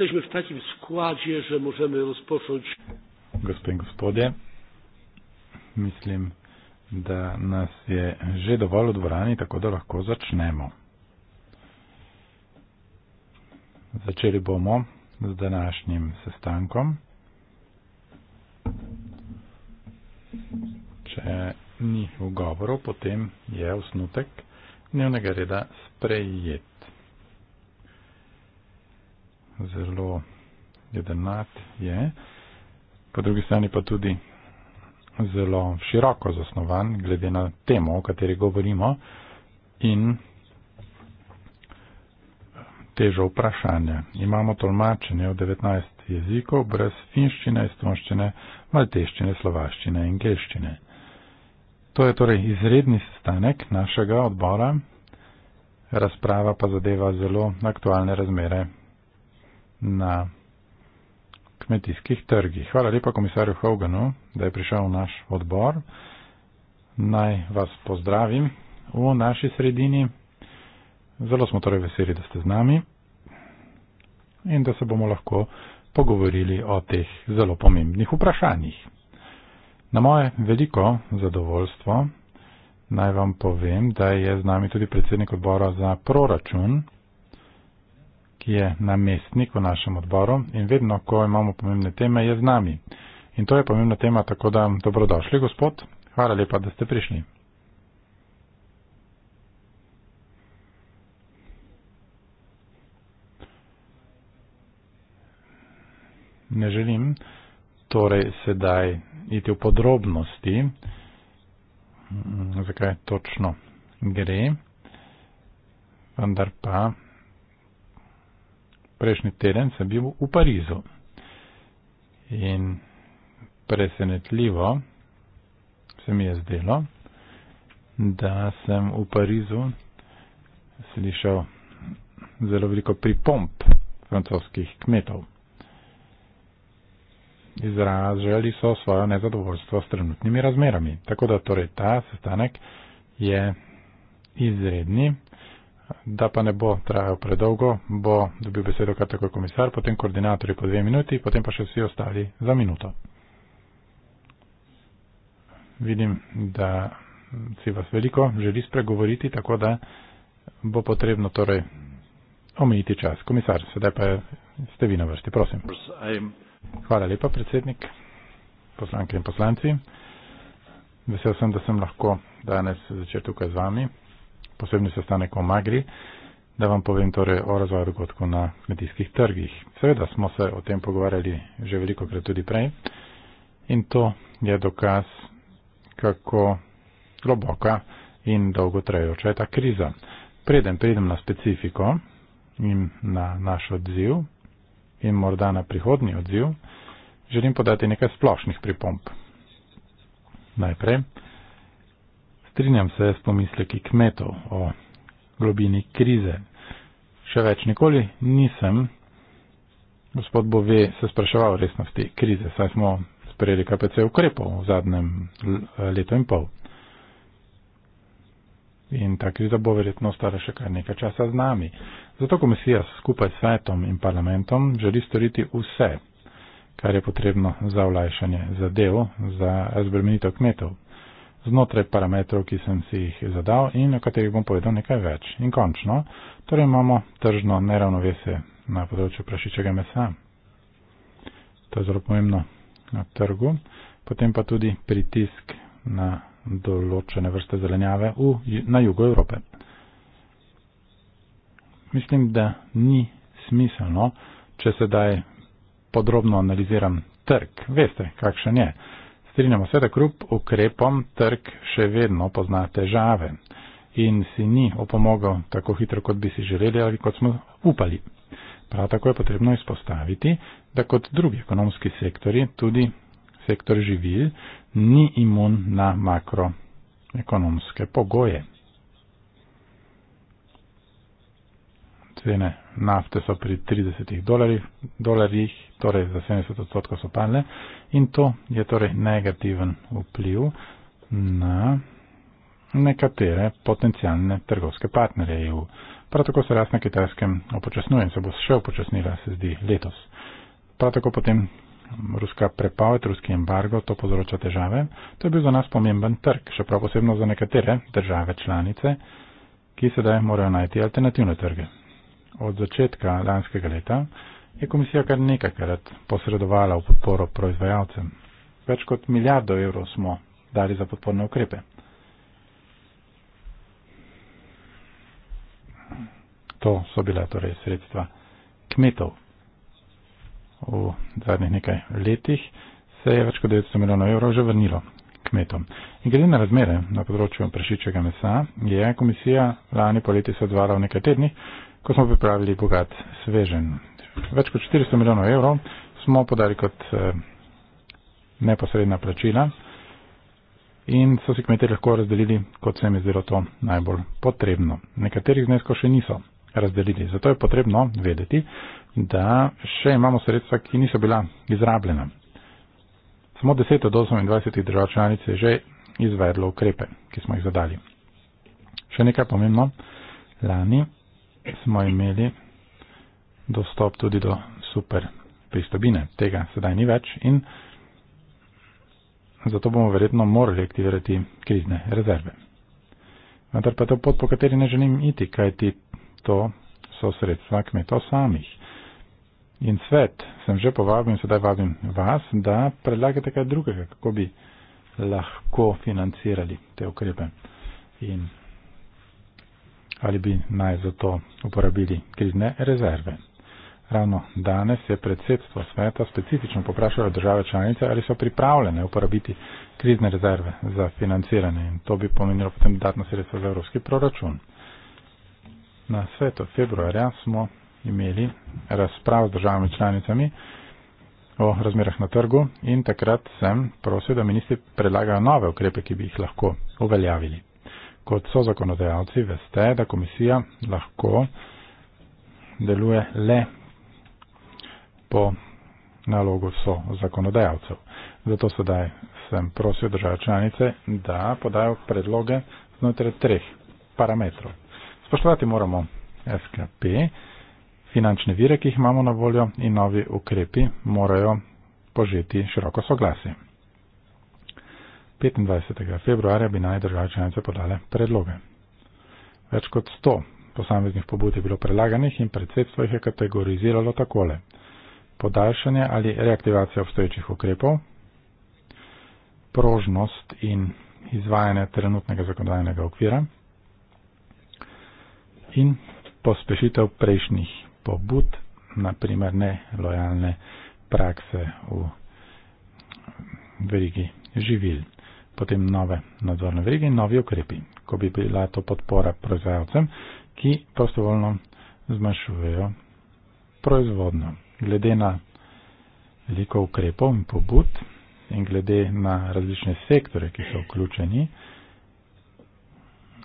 jesteśmy w takim składzie, że możemy rozpocząć. Gospodin, gospodzie, myślę, że nas jest już dovolu dworani, tak da lahko zaczniemy. Zaczęli bomo z današnim sestankom. Če ni ugovoru, potem je osnutek dnevnega reda sprejet zelo jedenat je, po drugi strani pa tudi zelo široko zasnovan, glede na temo, o kateri govorimo in težo vprašanja. Imamo tolmačenje v 19 jezikov brez finščine, estonščine, malteščine, slovaščine in geščine. To je torej izredni sestanek našega odbora, razprava pa zadeva zelo aktualne razmere na kmetijskih trgih. Hvala lepa komisarju Hoganu, da je prišel v naš odbor. Naj vas pozdravim v naši sredini. Zelo smo torej veseli, da ste z nami in da se bomo lahko pogovorili o teh zelo pomembnih vprašanjih. Na moje veliko zadovoljstvo naj vam povem, da je z nami tudi predsednik odbora za proračun ki je namestnik v našem odboru in vedno, ko imamo pomembne teme, je z nami. In to je pomembna tema, tako da dobrodošli, gospod. Hvala lepa, da ste prišli. Ne želim torej sedaj iti v podrobnosti, zakaj točno gre, vendar pa prejšnji teden sem bil v Parizu in presenetljivo se mi je zdelo, da sem v Parizu slišal zelo veliko pripomp francoskih kmetov. Izražali so svojo nezadovoljstvo s trenutnimi razmerami. Tako da torej ta sestanek je izredni da pa ne bo trajal predolgo, bo dobil besedo kar takoj komisar, potem koordinatorji po dve minuti, potem pa še vsi ostali za minuto. Vidim, da si vas veliko želi spregovoriti, tako da bo potrebno torej omejiti čas. Komisar, sedaj pa ste vi na vrsti, prosim. Hvala lepa, predsednik, poslanke in poslanci. Vesel sem, da sem lahko danes začel tukaj z vami posebni sestanek o Magri, da vam povem torej o razvoju dogodkov na kmetijskih trgih. Seveda smo se o tem pogovarjali že veliko krat tudi prej in to je dokaz, kako globoka in dolgotrajoča je ta kriza. Preden pridem na specifiko in na naš odziv in morda na prihodni odziv, želim podati nekaj splošnih pripomp. Najprej, Strinjam se s pomisleki kmetov o globini krize. Še več nikoli nisem, gospod Bove, se spraševal resnosti krize, saj smo sprejeli KPC ukrepov v zadnjem letu in pol. In ta kriza bo verjetno ostala še kar nekaj časa z nami. Zato komisija skupaj s svetom in parlamentom želi storiti vse, kar je potrebno za vlajšanje zadev, za razbremenitev kmetov znotraj parametrov, ki sem si jih zadal in o katerih bom povedal nekaj več. In končno, torej imamo tržno neravnovese na področju prašičega mesa. To je zelo pomembno na trgu. Potem pa tudi pritisk na določene vrste zelenjave v, na jugu Evrope. Mislim, da ni smiselno, če sedaj podrobno analiziram trg. Veste, kakšen je. Strinjamo se, da kljub ukrepom trg še vedno pozna težave in si ni opomogel tako hitro, kot bi si želeli ali kot smo upali. Prav tako je potrebno izpostaviti, da kot drugi ekonomski sektori, tudi sektor živil, ni imun na makroekonomske pogoje. cene nafte so pri 30 dolarjih, dolarjih torej za 70 odstotkov so padle in to je torej negativen vpliv na nekatere potencijalne trgovske partnerje EU. Prav tako se rast na kitajskem upočasnjuje in se bo še upočasnila, se zdi, letos. Prav tako potem ruska prepoved, ruski embargo, to povzroča težave. To je bil za nas pomemben trg, še prav posebno za nekatere države članice, ki sedaj morajo najti alternativne trge od začetka lanskega leta je komisija kar nekajkrat posredovala v podporo proizvajalcem. Več kot milijardo evrov smo dali za podporne ukrepe. To so bila torej sredstva kmetov. V zadnjih nekaj letih se je več kot 900 milijonov evrov že vrnilo kmetom. In glede na razmere na področju prešičega mesa je komisija lani poleti se odvala v nekaj tednih ko smo pripravili bogat svežen. Več kot 400 milijonov evrov smo podali kot eh, neposredna plačila in so si kmetje lahko razdelili, kot se jim je zdelo to najbolj potrebno. Nekaterih zneskov še niso razdelili, zato je potrebno vedeti, da še imamo sredstva, ki niso bila izrabljena. Samo 10 od 28 držav članic je že izvedlo ukrepe, ki smo jih zadali. Še nekaj pomembno. Lani smo imeli dostop tudi do super pristobine. Tega sedaj ni več in zato bomo verjetno morali aktivirati krizne rezerve. Vendar pa to pot, po kateri ne želim iti, kajti to so sredstva kmetov samih. In svet, sem že povabil in sedaj vabim vas, da predlagate kaj drugega, kako bi lahko financirali te ukrepe in ali bi naj za to uporabili krizne rezerve. Ravno danes je predsedstvo sveta specifično poprašalo države članice, ali so pripravljene uporabiti krizne rezerve za financiranje in to bi pomenilo potem dodatno sredstvo za evropski proračun. Na svetu februarja smo imeli razprav z državami članicami o razmerah na trgu in takrat sem prosil, da ministri predlagajo nove ukrepe, ki bi jih lahko uveljavili kot so zakonodajalci, veste, da komisija lahko deluje le po nalogu so zakonodajalcev. Zato sedaj sem prosil države članice, da podajo predloge znotraj treh parametrov. Spoštovati moramo SKP, finančne vire, ki jih imamo na voljo in novi ukrepi morajo požeti široko soglasje. 25. februarja bi naj države članice podale predloge. Več kot 100 posameznih pobud je bilo prelaganih in predsedstvo jih je kategoriziralo takole. Podaljšanje ali reaktivacija obstoječih ukrepov, prožnost in izvajanje trenutnega zakonodajnega okvira in pospešitev prejšnjih pobud, naprimer nelojalne prakse v verigi živil potem nove nadzorne verige in novi okrepi, ko bi bila to podpora proizvajalcem, ki prostovoljno zmanjšujejo proizvodno. Glede na veliko ukrepov in pobud in glede na različne sektore, ki so vključeni,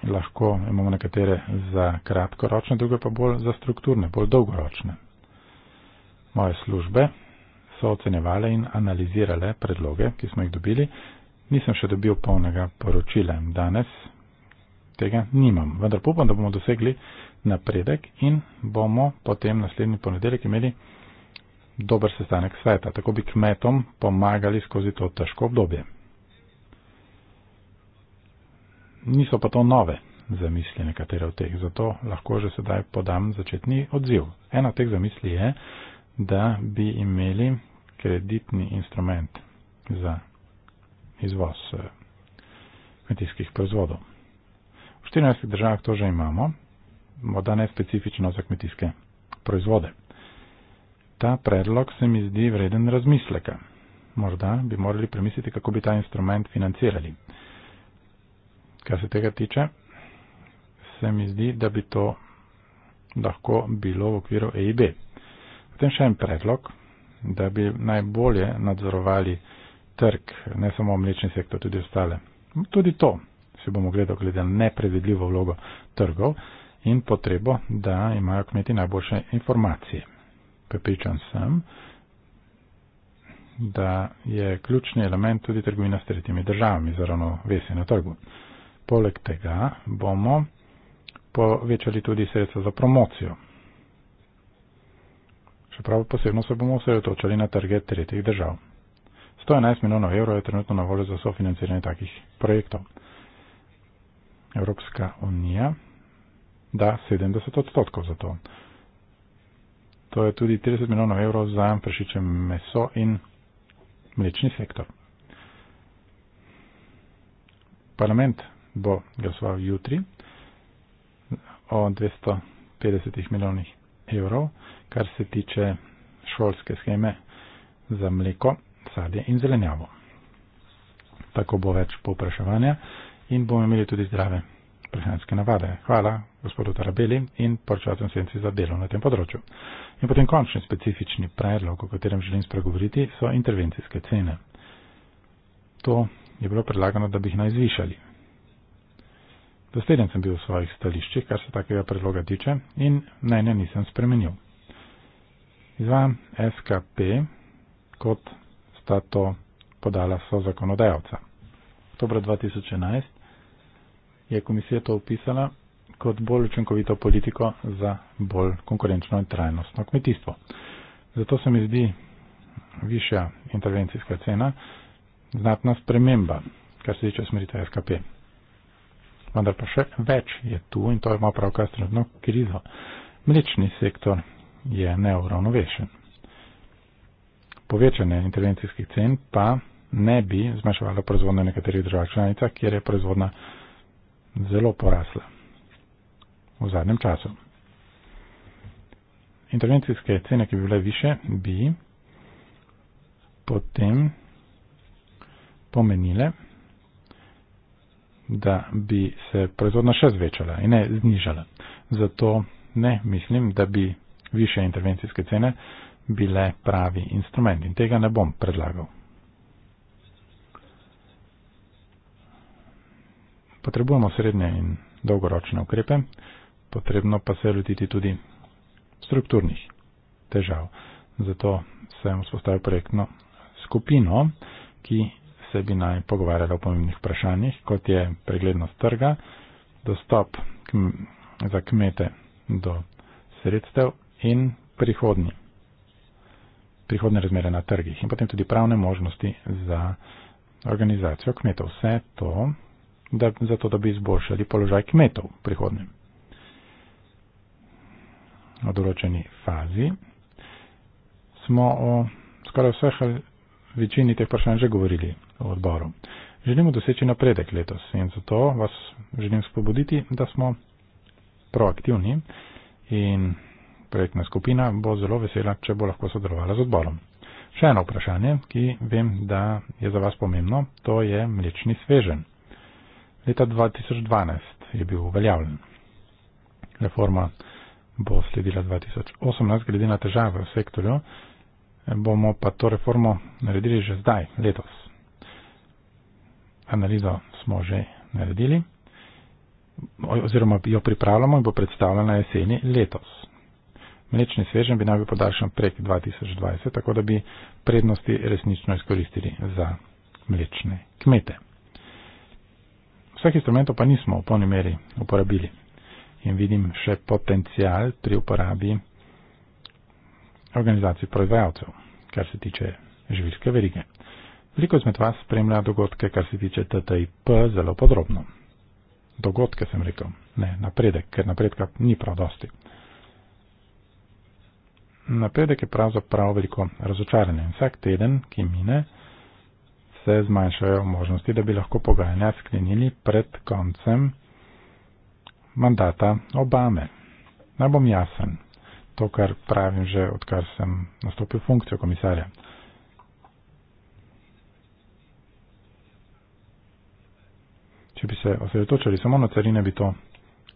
lahko imamo nekatere za kratkoročne, druge pa bolj za strukturne, bolj dolgoročne. Moje službe so ocenjevale in analizirale predloge, ki smo jih dobili Nisem še dobil polnega poročila in danes tega nimam, vendar upam, da bomo dosegli napredek in bomo potem naslednji ponedeljek imeli dober sestanek sveta. Tako bi kmetom pomagali skozi to težko obdobje. Niso pa to nove zamisli nekatere od teh, zato lahko že sedaj podam začetni odziv. Ena od teh zamisli je, da bi imeli kreditni instrument za izvoz eh, kmetijskih proizvodov. V 14 državah to že imamo, morda ne specifično za kmetijske proizvode. Ta predlog se mi zdi vreden razmisleka. Morda bi morali premisliti, kako bi ta instrument financirali. Kar se tega tiče, se mi zdi, da bi to lahko bilo v okviru EIB. Potem še en predlog, da bi najbolje nadzorovali trg, ne samo mlečni sektor, tudi ostale. Tudi to si bomo gledali, glede na nepredvidljivo vlogo trgov in potrebo, da imajo kmeti najboljše informacije. Prepričan sem, da je ključni element tudi trgovina s tretjimi državami, zaravno vesi na trgu. Poleg tega bomo povečali tudi sredstva za promocijo. Čeprav posebno se bomo osredotočali na trge tretjih držav. 111 milijonov evrov je trenutno na voljo za sofinanciranje takih projektov. Evropska unija da 70 odstotkov za to. To je tudi 30 milijonov evrov za pršiče meso in mlečni sektor. Parlament bo glasoval jutri o 250 milijonih evrov, kar se tiče šolske scheme za mleko sadje in zelenjavo. Tako bo več povpraševanja in bomo imeli tudi zdrave prehranske navade. Hvala gospodu Tarabeli in poročatelj senci za delo na tem področju. In potem končni specifični predlog, o katerem želim spregovoriti, so intervencijske cene. To je bilo predlagano, da bi jih najzvišali. Dosteden sem bil v svojih stališčih, kar se takega predloga tiče, in mnenja nisem spremenil. Izvajam SKP kot sta to podala so zakonodajalca. Oktober 2011 je komisija to opisala kot bolj učinkovito politiko za bolj konkurenčno in trajnostno kmetijstvo. Zato se mi zdi višja intervencijska cena znatna sprememba, kar se tiče smerite SKP. Vendar pa še več je tu in to je malo pravkar trenutno krizo. Mlečni sektor je neuravnovešen. Povečanje intervencijskih cen pa ne bi zmanjševalo proizvodnje v nekaterih državah članicah, kjer je proizvodnja zelo porasla v zadnjem času. Intervencijske cene, ki bi bile više, bi potem pomenile, da bi se proizvodnja še zvečala in ne znižala. Zato ne mislim, da bi više intervencijske cene bile pravi instrument in tega ne bom predlagal. Potrebujemo srednje in dolgoročne ukrepe, potrebno pa se lotiti tudi strukturnih težav. Zato sem vzpostavil projektno skupino, ki se bi naj pogovarjala o pomembnih vprašanjih, kot je preglednost trga, dostop za kmete do sredstev in prihodnji prihodne razmere na trgih in potem tudi pravne možnosti za organizacijo kmetov. Vse to, da, za to, da bi izboljšali položaj kmetov v prihodnem. V določeni fazi smo o skoraj vseh večini teh vprašanj že govorili v odboru. Želimo doseči napredek letos in zato vas želim spobuditi, da smo proaktivni in Projektna skupina bo zelo vesela, če bo lahko sodelovala z odborom. Še eno vprašanje, ki vem, da je za vas pomembno, to je mlečni svežen. Leta 2012 je bil uveljavljen. Reforma bo sledila 2018, glede na težave v sektorju, bomo pa to reformo naredili že zdaj, letos. Analizo smo že naredili, oziroma jo pripravljamo in bo predstavljena jeseni letos. Mlečni svežen bi naj bil podaljšan prek 2020, tako da bi prednosti resnično izkoristili za mlečne kmete. Vseh instrumentov pa nismo v polni meri uporabili in vidim še potencial pri uporabi organizacij proizvajalcev, kar se tiče živilske verige. Veliko izmed vas spremlja dogodke, kar se tiče TTIP, zelo podrobno. Dogodke sem rekel, ne napredek, ker napredka ni prav dosti napredek je pravzaprav veliko razočaranje. Vsak teden, ki mine, se zmanjšajo možnosti, da bi lahko pogajanja sklenili pred koncem mandata Obame. Naj bom jasen, to, kar pravim že, odkar sem nastopil funkcijo komisarja. Če bi se osredotočili samo na carine, bi to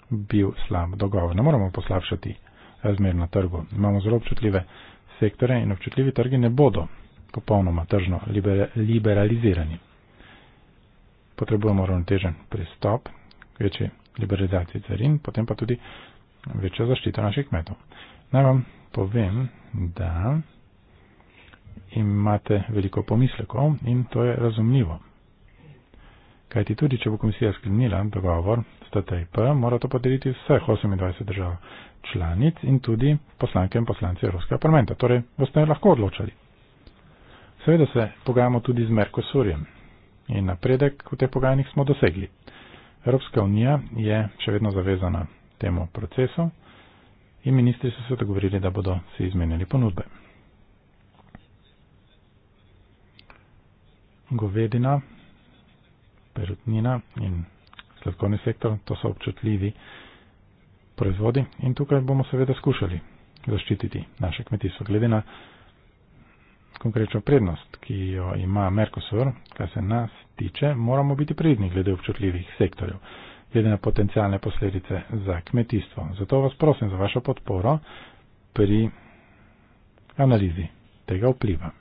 bil slab dogovor. Ne moramo poslabšati razmer na trgu. Imamo zelo občutljive sektore in občutljivi trgi ne bodo popolnoma tržno liberalizirani. Potrebujemo ravnotežen pristop, večji liberalizaciji carin, potem pa tudi večjo zaščito naših kmetov. Naj vam povem, da imate veliko pomislekov in to je razumljivo. Kajti tudi, če bo komisija sklenila dogovor s TTIP, mora to podeliti vseh 28 držav članic in tudi poslanke in poslanci Evropskega parlamenta. Torej, boste lahko odločali. Seveda se pogajamo tudi z Merkosurjem in napredek v teh pogajanjih smo dosegli. Evropska unija je še vedno zavezana temu procesu in ministri so se dogovorili, da bodo si izmenjali ponudbe. Govedina, perutnina in sladkorni sektor, to so občutljivi proizvodi in tukaj bomo seveda skušali zaščititi naše kmetijstvo. Glede na konkrečno prednost, ki jo ima Mercosur, kar se nas tiče, moramo biti pridni glede občutljivih sektorjev, glede na potencijalne posledice za kmetijstvo. Zato vas prosim za vašo podporo pri analizi tega vpliva.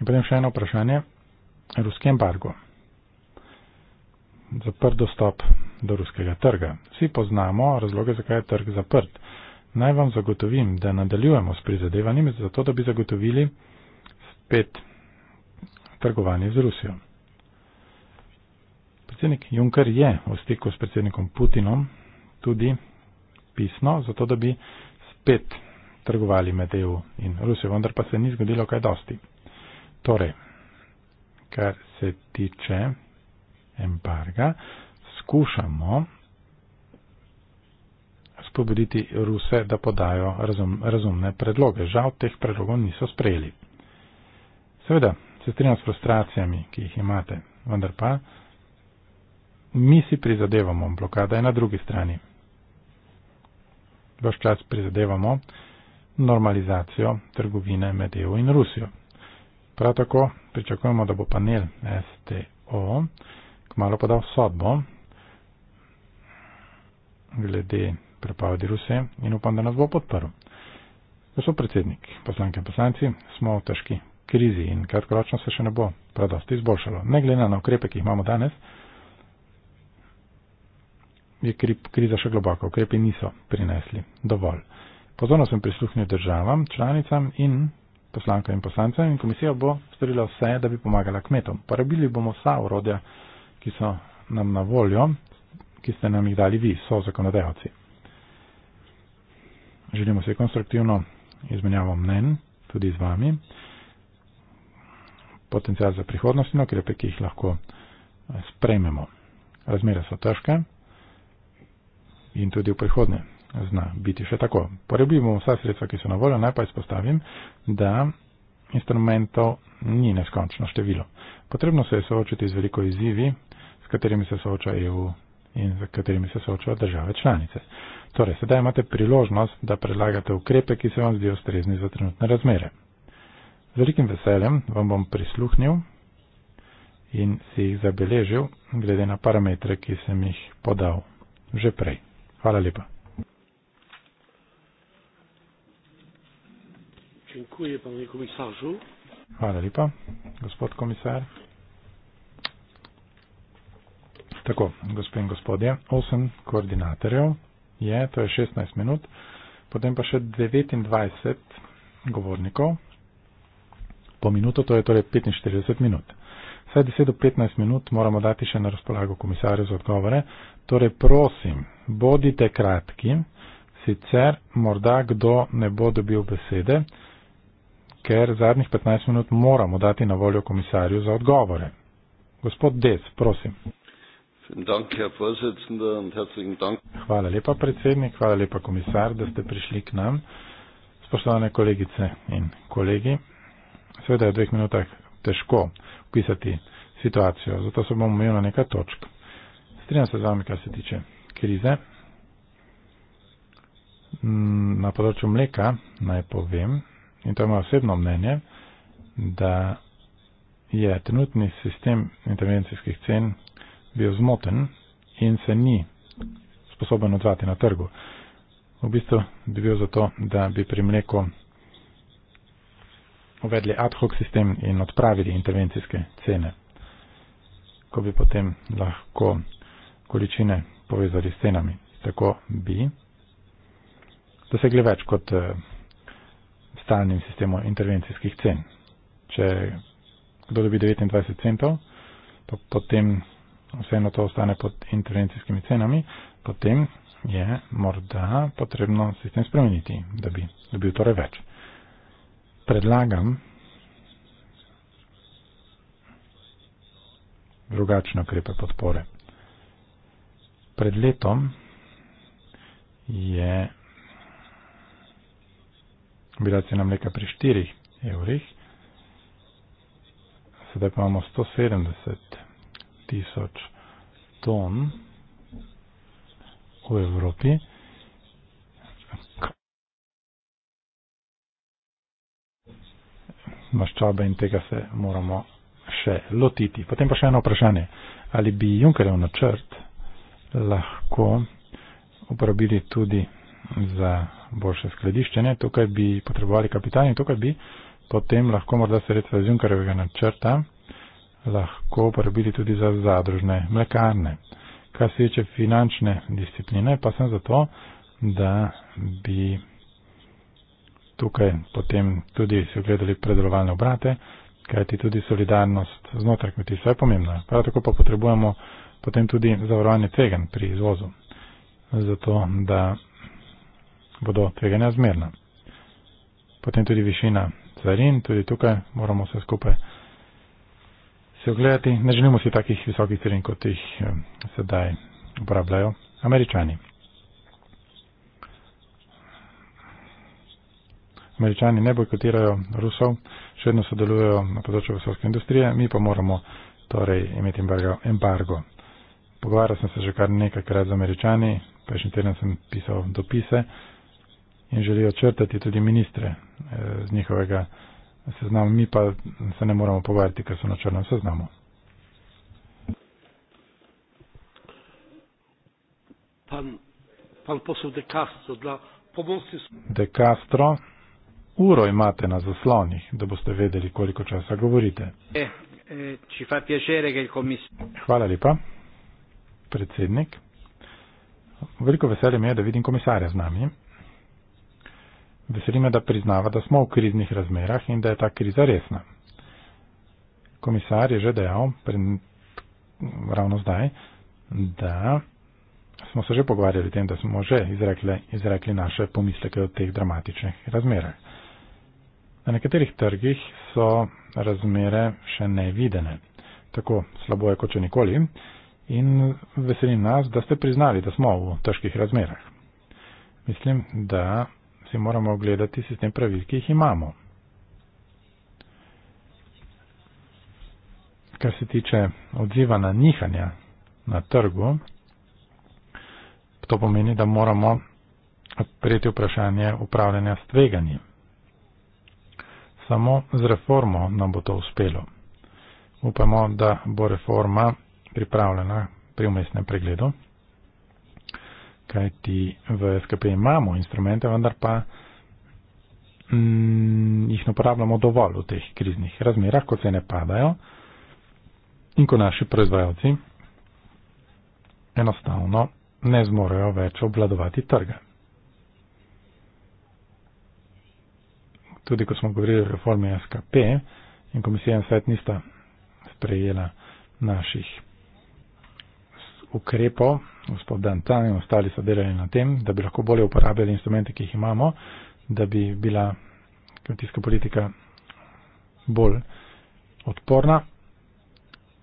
In potem še eno vprašanje. Ruski embargo. Zaprt dostop do ruskega trga. Vsi poznamo razloge, zakaj je trg zaprt. Naj vam zagotovim, da nadaljujemo s prizadevanjem, zato da bi zagotovili spet trgovanje z Rusijo. Predsednik Juncker je v stiku s predsednikom Putinom tudi pisno, zato da bi spet trgovali med EU in Rusijo, vendar pa se ni zgodilo kaj dosti. Torej, kar se tiče embarga, poskušamo spobuditi Ruse, da podajo razum, razumne predloge. Žal teh predlogov niso sprejeli. Seveda, se strinjam s frustracijami, ki jih imate, vendar pa mi si prizadevamo, blokada je na drugi strani. Vaš čas prizadevamo normalizacijo trgovine med EU in Rusijo. Prav tako pričakujemo, da bo panel STO kmalo podal sodbo glede prepovedi Rusije in upam, da nas bo podprl. Gospod predsednik, poslanke in poslanci, smo v težki krizi in kratkoročno se še ne bo predosti izboljšalo. Ne glede na ukrepe, ki jih imamo danes, je kriza še globoko. Ukrepi niso prinesli dovolj. Pozorno sem prisluhnil državam, članicam in poslankam in poslancem in komisija bo storila vse, da bi pomagala kmetom. Porabili bomo vsa urodja, ki so nam na voljo, ki ste nam jih dali vi, so zakonodajalci. Želimo se konstruktivno izmenjavo mnen, tudi z vami. Potencijal za prihodnost in okrepe, ki jih lahko eh, sprejmemo. Razmere so težke in tudi v prihodnje zna biti še tako. Porebimo vsa sredstva, ki so na voljo. Najprej spostavim, da instrumentov ni neskončno število. Potrebno se je soočiti z veliko izzivi, s katerimi se sooča EU in z katerimi se soočajo države članice. Torej, sedaj imate priložnost, da predlagate ukrepe, ki se vam zdijo strezni za trenutne razmere. Z velikim veseljem vam bom prisluhnil in si jih zabeležil, glede na parametre, ki sem jih podal že prej. Hvala lepa. Hvala lepa, gospod komisar. Tako, gospe in gospodje, 8 koordinatorjev je, to je 16 minut, potem pa še 29 govornikov po minuto, to je torej 45 minut. Vsaj 10 do 15 minut moramo dati še na razpolago komisarju za odgovore. Torej, prosim, bodite kratki, sicer morda kdo ne bo dobil besede, ker zadnjih 15 minut moramo dati na voljo komisarju za odgovore. Gospod Dec, prosim. Dank, Herr und herzlichen Dank. Hvala lepa, predsednik, hvala lepa, komisar, da ste prišli k nam. Spoštovane kolegice in kolegi, seveda je v dveh minutah težko opisati situacijo, zato se bom omejil na nekaj točk. Strinjam se z vami, kar se tiče krize. Mm, na področju mleka naj povem, in to je moje osebno mnenje, da je trenutni sistem intervencijskih cen bil zmoten in se ni sposoben odzvati na trgu. V bistvu bi bil zato, da bi pri mleku uvedli ad hoc sistem in odpravili intervencijske cene, ko bi potem lahko količine povezali s cenami. Tako bi dosegli več kot eh, stalnim sistemom intervencijskih cen. Če kdo dobi 29 centov, pa potem vseeno to ostane pod intervencijskimi cenami, potem je morda potrebno sistem spremeniti, da bi dobil torej več. Predlagam drugačne ukrepe podpore. Pred letom je bila cena mleka pri 4 evrih, sedaj pa imamo 170 evrov tisoč ton v Evropi. Maščobe in tega se moramo še lotiti. Potem pa še eno vprašanje. Ali bi Junkerjev načrt lahko uporabili tudi za boljše skladiščenje? Tukaj bi potrebovali kapitalni, tukaj bi potem lahko morda sredstva iz Junkerjevega načrta lahko porabiti tudi za zadružne mlekarne. Kar se tiče finančne discipline, pa sem zato, da bi tukaj potem tudi si ogledali predelovalne obrate, kajti tudi solidarnost znotraj kmetijstva je pomembna. Prav tako pa potrebujemo potem tudi zavarovanje tvegan pri izvozu, zato da bodo tveganja zmerna. Potem tudi višina carin, tudi tukaj moramo vse skupaj si ogledati. Ne želimo si takih visokih celin, kot jih eh, sedaj uporabljajo američani. Američani ne bojkotirajo Rusov, še vedno sodelujejo na področju vesoljske industrije, mi pa moramo torej imeti embargo. Pogovarjal sem se že kar nekajkrat z američani, prejšnji teden sem pisal dopise in želijo črtati tudi ministre eh, z njihovega seznam, mi pa se ne moramo pogajati, ker so na črnem seznamu. Pan, pan posel De Castro, da pomosti smo. De Castro, uro imate na zaslonih, da boste vedeli, koliko časa govorite. E, e, ci fa piacere, che il commissario. Hvala lepa, predsednik. Veliko veselje mi je, da vidim komisarja z nami. Veseli me, da priznava, da smo v kriznih razmerah in da je ta kriza resna. Komisar je že dejal, pred, ravno zdaj, da smo se že pogovarjali o tem, da smo že izrekli, izrekli naše pomisleke o teh dramatičnih razmerah. Na nekaterih trgih so razmere še nevidene. Tako slabo je kot če nikoli in veseli nas, da ste priznali, da smo v težkih razmerah. Mislim, da si moramo ogledati sistem pravil, ki jih imamo. Kar se tiče odziva na nihanja na trgu, to pomeni, da moramo odpreti vprašanje upravljanja s tveganji. Samo z reformo nam bo to uspelo. Upamo, da bo reforma pripravljena pri umestnem pregledu kajti v FKP imamo instrumente, vendar pa mm, jih ne uporabljamo dovolj v teh kriznih razmerah, ko cene padajo in ko naši proizvajalci enostavno ne zmorejo več obvladovati trga. Tudi ko smo govorili o reformi SKP in komisija in svet nista sprejela naših ukrepov, gospod Dantan in ostali so delali na tem, da bi lahko bolje uporabljali instrumente, ki jih imamo, da bi bila kmetijska politika bolj odporna.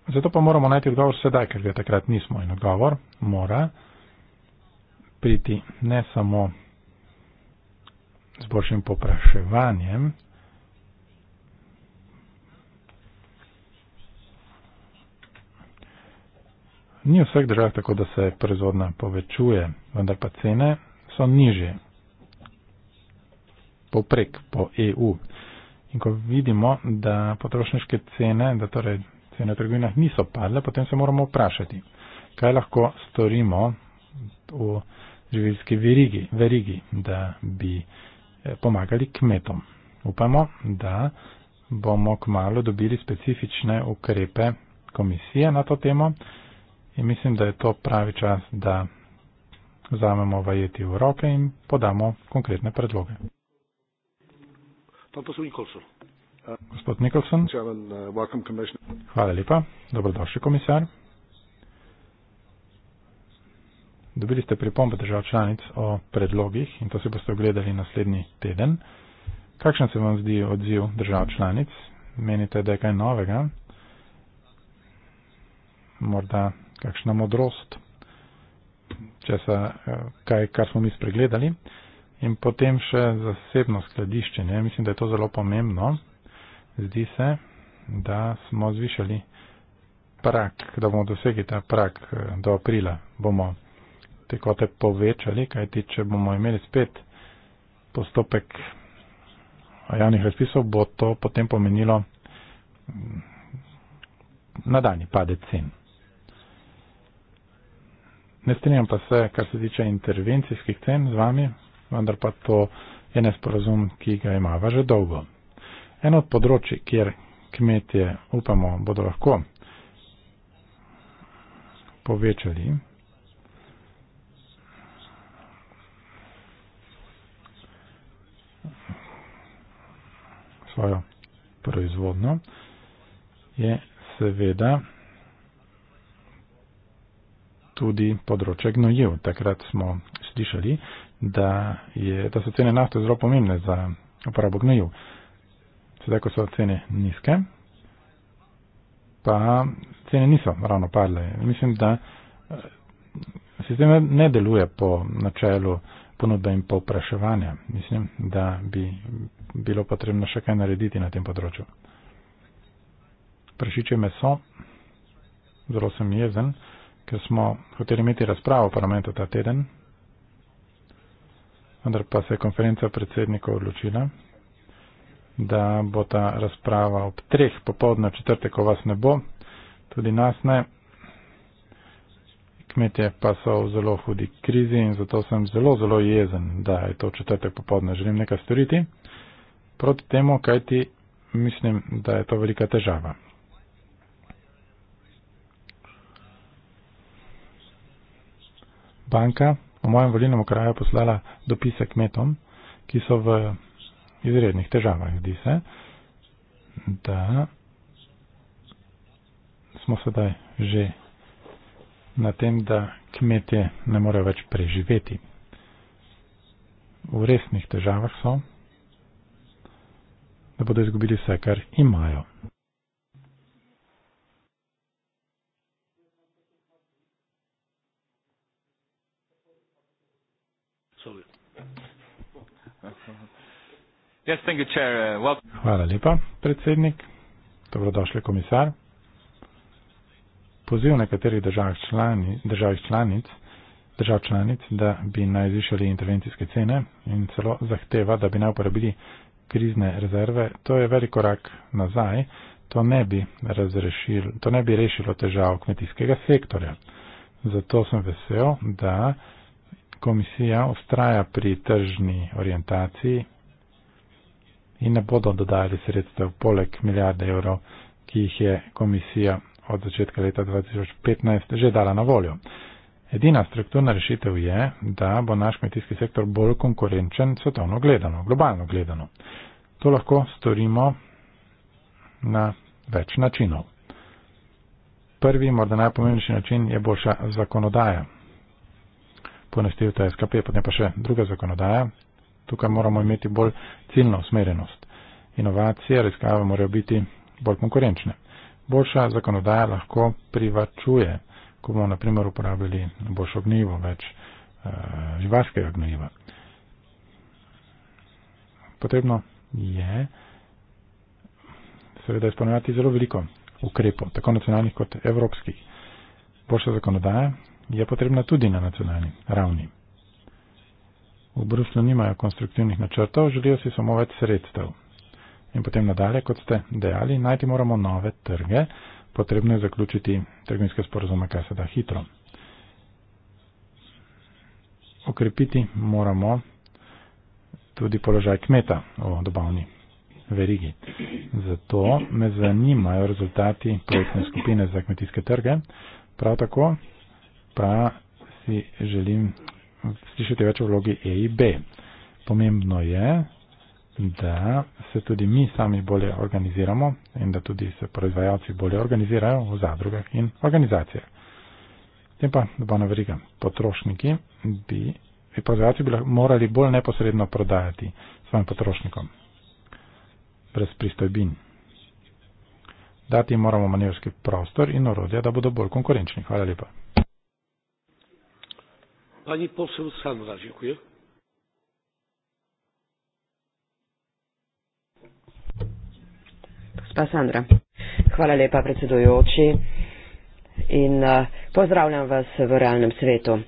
Zato pa moramo najti odgovor sedaj, ker ga takrat nismo in odgovor mora priti ne samo z boljšim popraševanjem Ni v vseh državah tako, da se proizvodna povečuje, vendar pa cene so nižje. Poprek po EU. In ko vidimo, da potrošniške cene, da torej cene v trgovinah niso padle, potem se moramo vprašati, kaj lahko storimo v živilski verigi, verigi da bi eh, pomagali kmetom. Upamo, da bomo kmalo dobili specifične ukrepe komisije na to temo. In mislim, da je to pravi čas, da vzamemo vajeti v roke in podamo konkretne predloge. Gospod Nicholson, uh, hvala lepa, dobrodošli komisar. Dobili ste pripombe držav članic o predlogih in to si boste ogledali naslednji teden. Kakšen se vam zdi odziv držav članic? Menite, da je kaj novega? Morda kakšna modrost, česa, eh, kaj, kar smo mi spregledali. In potem še zasebno skladiščenje. Mislim, da je to zelo pomembno. Zdi se, da smo zvišali prak, da bomo dosegli ta prak eh, do aprila. Bomo tekote povečali, kajti če bomo imeli spet postopek javnih razpisov, bo to potem pomenilo mm, nadaljni padec cen. Ne strinjam pa se, kar se tiče intervencijskih cen z vami, vendar pa to je nesporazum, ki ga imava že dolgo. Eno od področji, kjer kmetje, upamo, bodo lahko povečali svojo proizvodno, je seveda tudi področje gnojev. Takrat smo slišali, da, je, da so cene nafte zelo pomembne za uporabo gnojev. Sedaj, ko so cene nizke, pa cene niso ravno padle. Mislim, da eh, sistem ne deluje po načelu ponudbe in povpraševanja. Mislim, da bi bilo potrebno še kaj narediti na tem področju. Prašiče meso, zelo sem jezen ker smo hoteli imeti razpravo v parlamentu ta teden, vendar pa se je konferenca predsednikov odločila, da bo ta razprava ob treh popovdne četrte, ko vas ne bo, tudi nas ne. Kmetje pa so v zelo hudi krizi in zato sem zelo, zelo jezen, da je to četrtek popovdne. Želim nekaj storiti proti temu, kajti mislim, da je to velika težava. županka v mojem volilnem okraju poslala dopise kmetom, ki so v izrednih težavah, zdi se, da smo sedaj že na tem, da kmetje ne morejo več preživeti. V resnih težavah so, da bodo izgubili vse, kar imajo. Yes, you, chair. Uh, Hvala lepa, predsednik. Dobrodošli, komisar. Poziv nekaterih držav, člani, držav članic, držav članic, da bi naj zvišali intervencijske cene in celo zahteva, da bi naj uporabili krizne rezerve, to je velik korak nazaj. To ne bi, razrešil, to ne bi rešilo težav kmetijskega sektorja. Zato sem vesel, da komisija ustraja pri tržni orientaciji in ne bodo dodajali sredstev poleg milijarde evrov, ki jih je komisija od začetka leta 2015 že dala na voljo. Edina strukturna rešitev je, da bo naš kmetijski sektor bolj konkurenčen svetovno gledano, globalno gledano. To lahko storimo na več načinov. Prvi, morda najpomembnejši način je boljša zakonodaja. Ponestil ta SKP, potem pa še druga zakonodaja, Tukaj moramo imeti bolj ciljno usmerjenost. Inovacije, raziskave morajo biti bolj konkurenčne. Boljša zakonodaja lahko privačuje, ko bomo naprimer uporabili boljšo gnivo, več uh, živalskega gnojiva. Potrebno je seveda izpolnjevati zelo veliko ukrepov, tako nacionalnih kot evropskih. Boljša zakonodaja je potrebna tudi na nacionalni ravni. V Bruslu nimajo konstruktivnih načrtov, želijo si samo več sredstev. In potem nadalje, kot ste dejali, najti moramo nove trge, potrebno je zaključiti trgovinske sporozume, kaj se da hitro. Okrepiti moramo tudi položaj kmeta v dobavni verigi. Zato me zanimajo rezultati projektne skupine za kmetijske trge, prav tako pa si želim slišati več v vlogi A e in B. Pomembno je, da se tudi mi sami bolje organiziramo in da tudi se proizvajalci bolje organizirajo v zadrugah in organizacijah. Tem pa, da bo navriga, potrošniki bi, bi proizvajalci bi morali bolj neposredno prodajati svojim potrošnikom brez pristojbin. Dati moramo manevrski prostor in orodja, da bodo bolj konkurenčni. Hvala lepa. Pani poseł Sandra, dziękuję. Pa Sandra, hvala lepa predsedujoči in eh, pozdravljam vas v realnem svetu.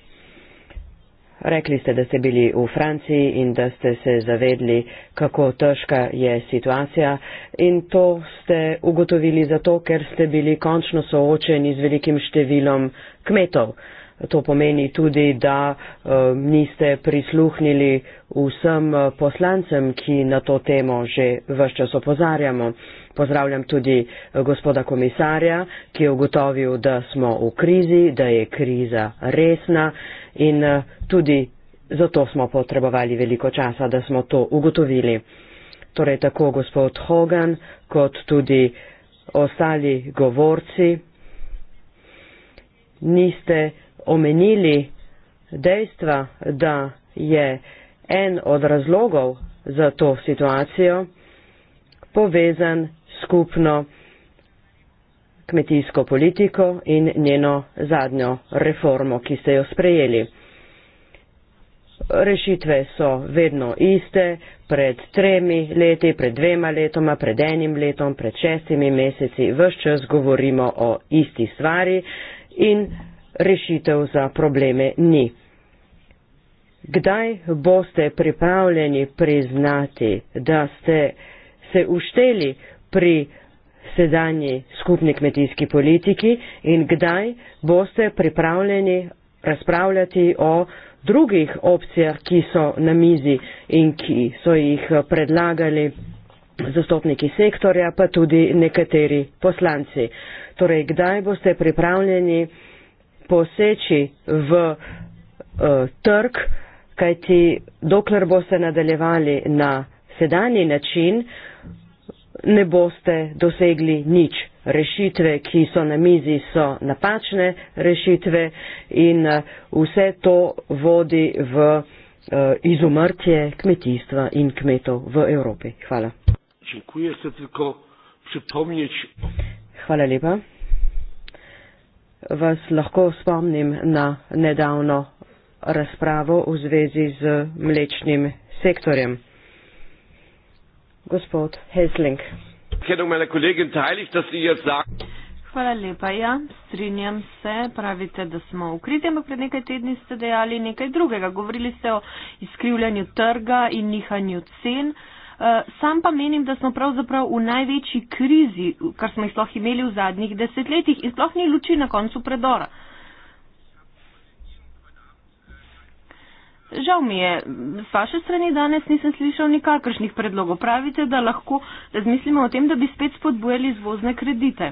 Rekli ste, da ste bili v Franciji in da ste se zavedli, kako težka je situacija in to ste ugotovili zato, ker ste bili končno soočeni z velikim številom kmetov. To pomeni tudi, da eh, niste prisluhnili vsem eh, poslancem, ki na to temo že vse čas opozarjamo. Pozdravljam tudi eh, gospoda komisarja, ki je ugotovil, da smo v krizi, da je kriza resna in tudi zato smo potrebovali veliko časa, da smo to ugotovili. Torej tako gospod Hogan kot tudi ostali govorci niste omenili dejstva, da je en od razlogov za to situacijo povezan skupno kmetijsko politiko in njeno zadnjo reformo, ki ste jo sprejeli. Rešitve so vedno iste, pred tremi leti, pred dvema letoma, pred enim letom, pred šestimi meseci, vse čas govorimo o isti stvari in rešitev za probleme ni. Kdaj boste pripravljeni priznati, da ste se ušteli pri sedanji skupni kmetijski politiki in kdaj boste pripravljeni razpravljati o drugih opcijah, ki so na mizi in ki so jih predlagali zastopniki sektorja, pa tudi nekateri poslanci. Torej, kdaj boste pripravljeni poseči v uh, trg, kajti dokler boste nadaljevali na sedanji način, ne boste dosegli nič. Rešitve, ki so na mizi, so napačne rešitve in eh, vse to vodi v eh, izumrtje kmetijstva in kmetov v Evropi. Hvala. Hvala lepa vas lahko spomnim na nedavno razpravo v zvezi z mlečnim sektorjem. Gospod Hesling. Hvala lepa, ja, strinjam se. Pravite, da smo v kriti, ampak pred nekaj tedni ste dejali nekaj drugega. Govorili ste o izkrivljanju trga in nihanju cen. Eh, sam pa menim, da smo pravzaprav v največji krizi, kar smo jih sploh imeli v zadnjih desetletjih in sploh ni luči na koncu predora. Žal mi je, z vaše strani danes nisem slišal nikakršnih predlogov. Pravite, da lahko razmislimo o tem, da bi spet spodbujali izvozne kredite.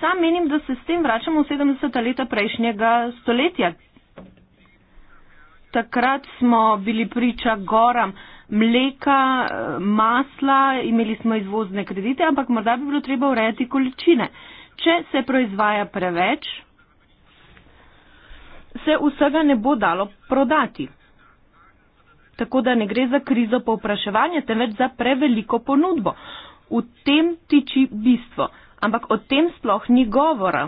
Sam menim, da se s tem vračamo v 70. leta prejšnjega stoletja. Takrat smo bili priča goram. Uh, mleka, masla, imeli smo izvozne kredite, ampak morda bi bilo treba urejati količine. Če se proizvaja preveč, se vsega ne bo dalo prodati. Tako da ne gre za krizo povpraševanja, temveč za preveliko ponudbo. V tem tiči bistvo, ampak o tem sploh ni govora.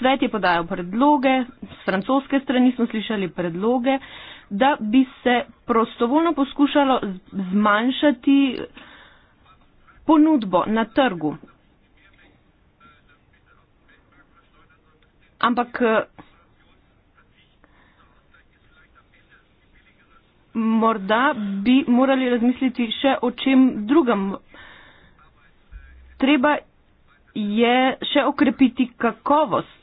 Svet je podajal predloge, s francoske strani smo slišali predloge, uh, da bi se prostovoljno poskušalo zmanjšati ponudbo na trgu. Ampak eh, morda bi morali razmisliti še o čem drugem. Treba je še okrepiti kakovost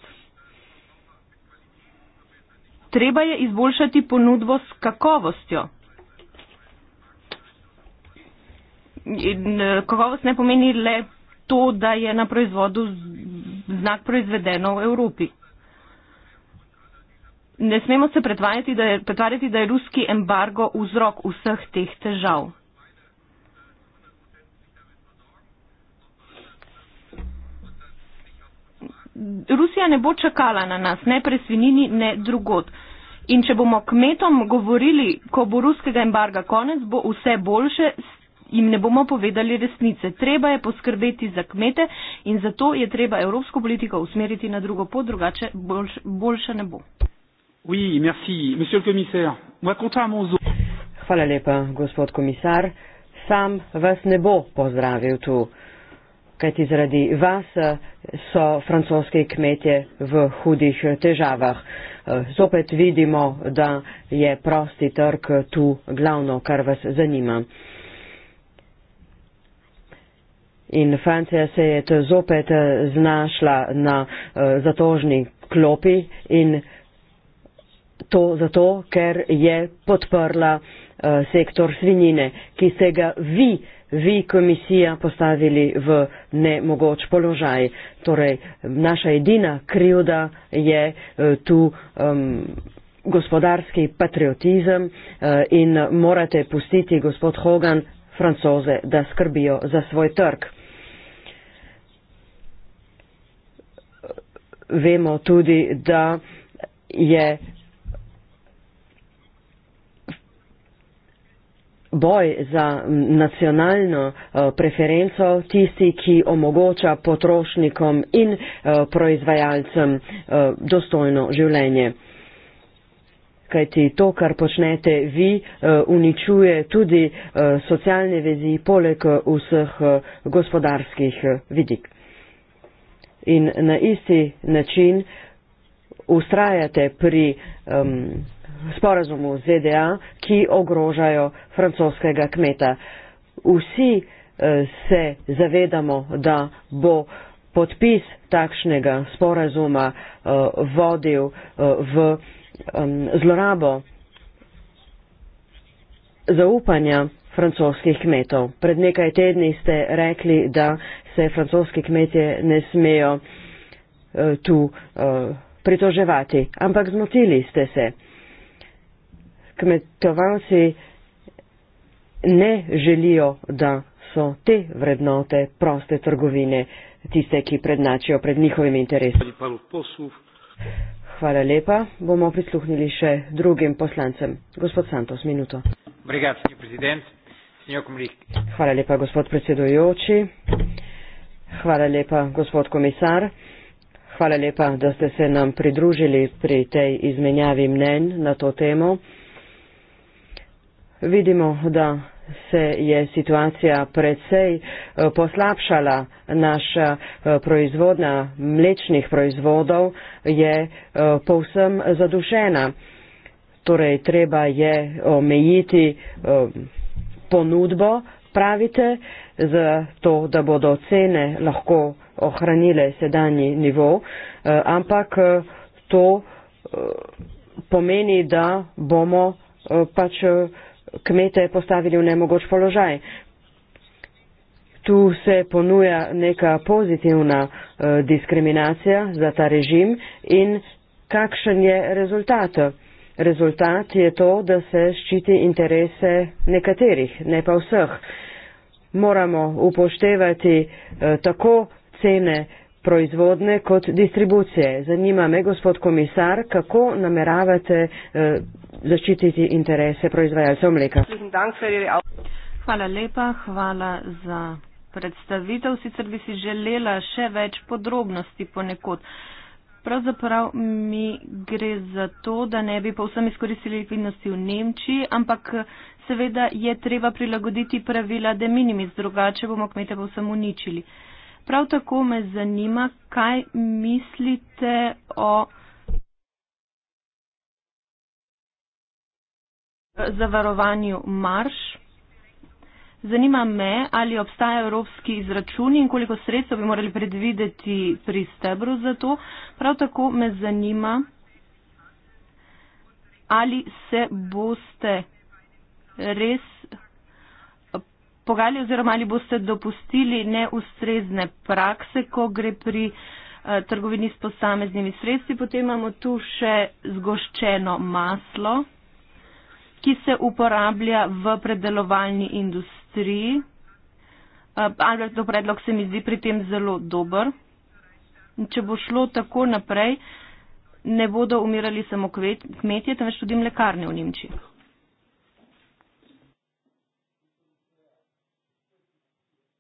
treba je izboljšati ponudbo s kakovostjo. Eh, kakovost ne pomeni le to, da je na proizvodu znak proizvedeno v Evropi. Ne smemo se pretvarjati, da je, pretvarjati, da je ruski embargo vzrok vseh teh težav. Rusija ne bo čakala na nas, ne pri svinini, ne drugod. Uh, In če bomo kmetom govorili, ko bo ruskega embarga konec, bo vse boljše, jim ne bomo povedali resnice. Treba je poskrbeti za kmete in zato je treba evropsko politiko usmeriti na drugo pot, drugače boljš, boljše ne bo. Oui, merci, monsieur le commissaire. Moi, contrairement aux autres. Hvala lepa, gospod komisar. Sam vas ne bo pozdravil tu kajti zaradi vas eh, so francoski kmetje v hudih eh, težavah. Eh, zopet vidimo, da je prosti trg tu glavno, kar vas zanima. In Francija se je to zopet znašla na zatožni klopi in to zato, ker je podprla sektor svinjine, ki se ga vi vi komisija postavili v nemogoč položaj. Torej, naša edina krivda je eh, tu um, gospodarski patriotizem eh, in morate pustiti, gospod Hogan, francoze, da skrbijo za svoj trg. Vemo tudi, da je boj za nacionalno eh, preferenco tisti, ki omogoča potrošnikom in eh, proizvajalcem eh, dostojno življenje. Kajti to, kar počnete vi, uničuje tudi socialne vezi poleg vseh gospodarskih vidik. In na isti način ustrajate pri um, sporazumu ZDA, ki ogrožajo francoskega kmeta. Vsi eh, se zavedamo, da bo podpis takšnega sporazuma eh, vodil eh, v zlorabo zaupanja francoskih kmetov. Pred nekaj tedni ste rekli, da se francoski kmetje ne smejo tu pritoževati, ampak zmotili ste se kmetovalci ne želijo, da so te vrednote proste trgovine tiste, ki prednačijo pred njihovimi interesi. Hvala lepa. Bomo prisluhnili še drugim poslancem. Gospod Santos, minuto. Hvala lepa, gospod predsedujoči. Hvala lepa, gospod komisar. Hvala lepa, da ste se nam pridružili pri tej izmenjavi mnen na to temo. Vidimo, da se je situacija predvsej eh, poslabšala. Naša eh, proizvodna mlečnih proizvodov je eh, povsem zadušena. Torej, treba je omejiti ponudbo, pravite, zato, da bodo cene lahko ohranile sedanji nivo, ampak to pomeni, da bomo pač kmete postavili v nemogoč položaj. Tu se ponuja neka pozitivna uh, diskriminacija za ta režim in kakšen je rezultat? Rezultat je to, da se ščiti interese nekaterih, ne pa vseh. Moramo upoštevati uh, tako cene proizvodne kot distribucije. Zanima me, gospod komisar, kako nameravate. Uh, zaščititi interese proizvajalcev mleka. Hvala lepa, hvala za predstavitev. Sicer bi si želela še več podrobnosti ponekod. Pravzaprav mi gre za to, da ne bi povsem izkoristili likvidnosti v Nemčiji, ampak seveda je treba prilagoditi pravila de minimis, drugače bomo kmete povsem uničili. Prav tako me zanima, kaj mislite o zavarovanju marš. Zanima me, ali obstaja evropski izračun in koliko sredstev bi morali predvideti pri stebru za to. Prav tako me zanima, ali se boste res pogajali oziroma ali boste dopustili neustrezne prakse, ko gre pri eh, trgovini s posameznimi sredstvi. Potem imamo tu še zgoščeno maslo ki se uporablja v predelovalni industriji. Eh, Albertov predlog se mi zdi pri tem zelo dober. Če bo šlo tako naprej, ne bodo umirali samo kmetje, temveč tudi mlekarne v Nemčiji.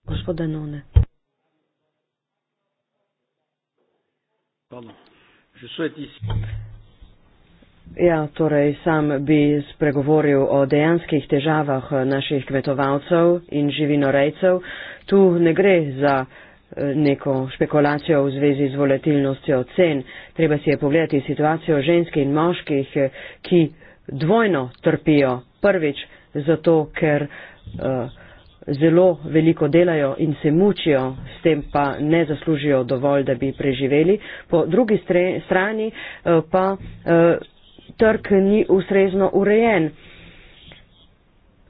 Gospod Danone. Hvala. Ja, torej sam bi spregovoril o dejanskih težavah eh, naših kmetovalcev in živinorejcev. Tu ne gre za eh, neko špekulacijo v zvezi z volatilnostjo cen. Treba si je pogledati situacijo žensk in moških, eh, ki dvojno trpijo. Prvič, zato ker uh, zelo veliko delajo in se mučijo, s tem pa ne zaslužijo dovolj, da bi preživeli. Po drugi strani uh, pa. Uh, trg ni ustrezno urejen.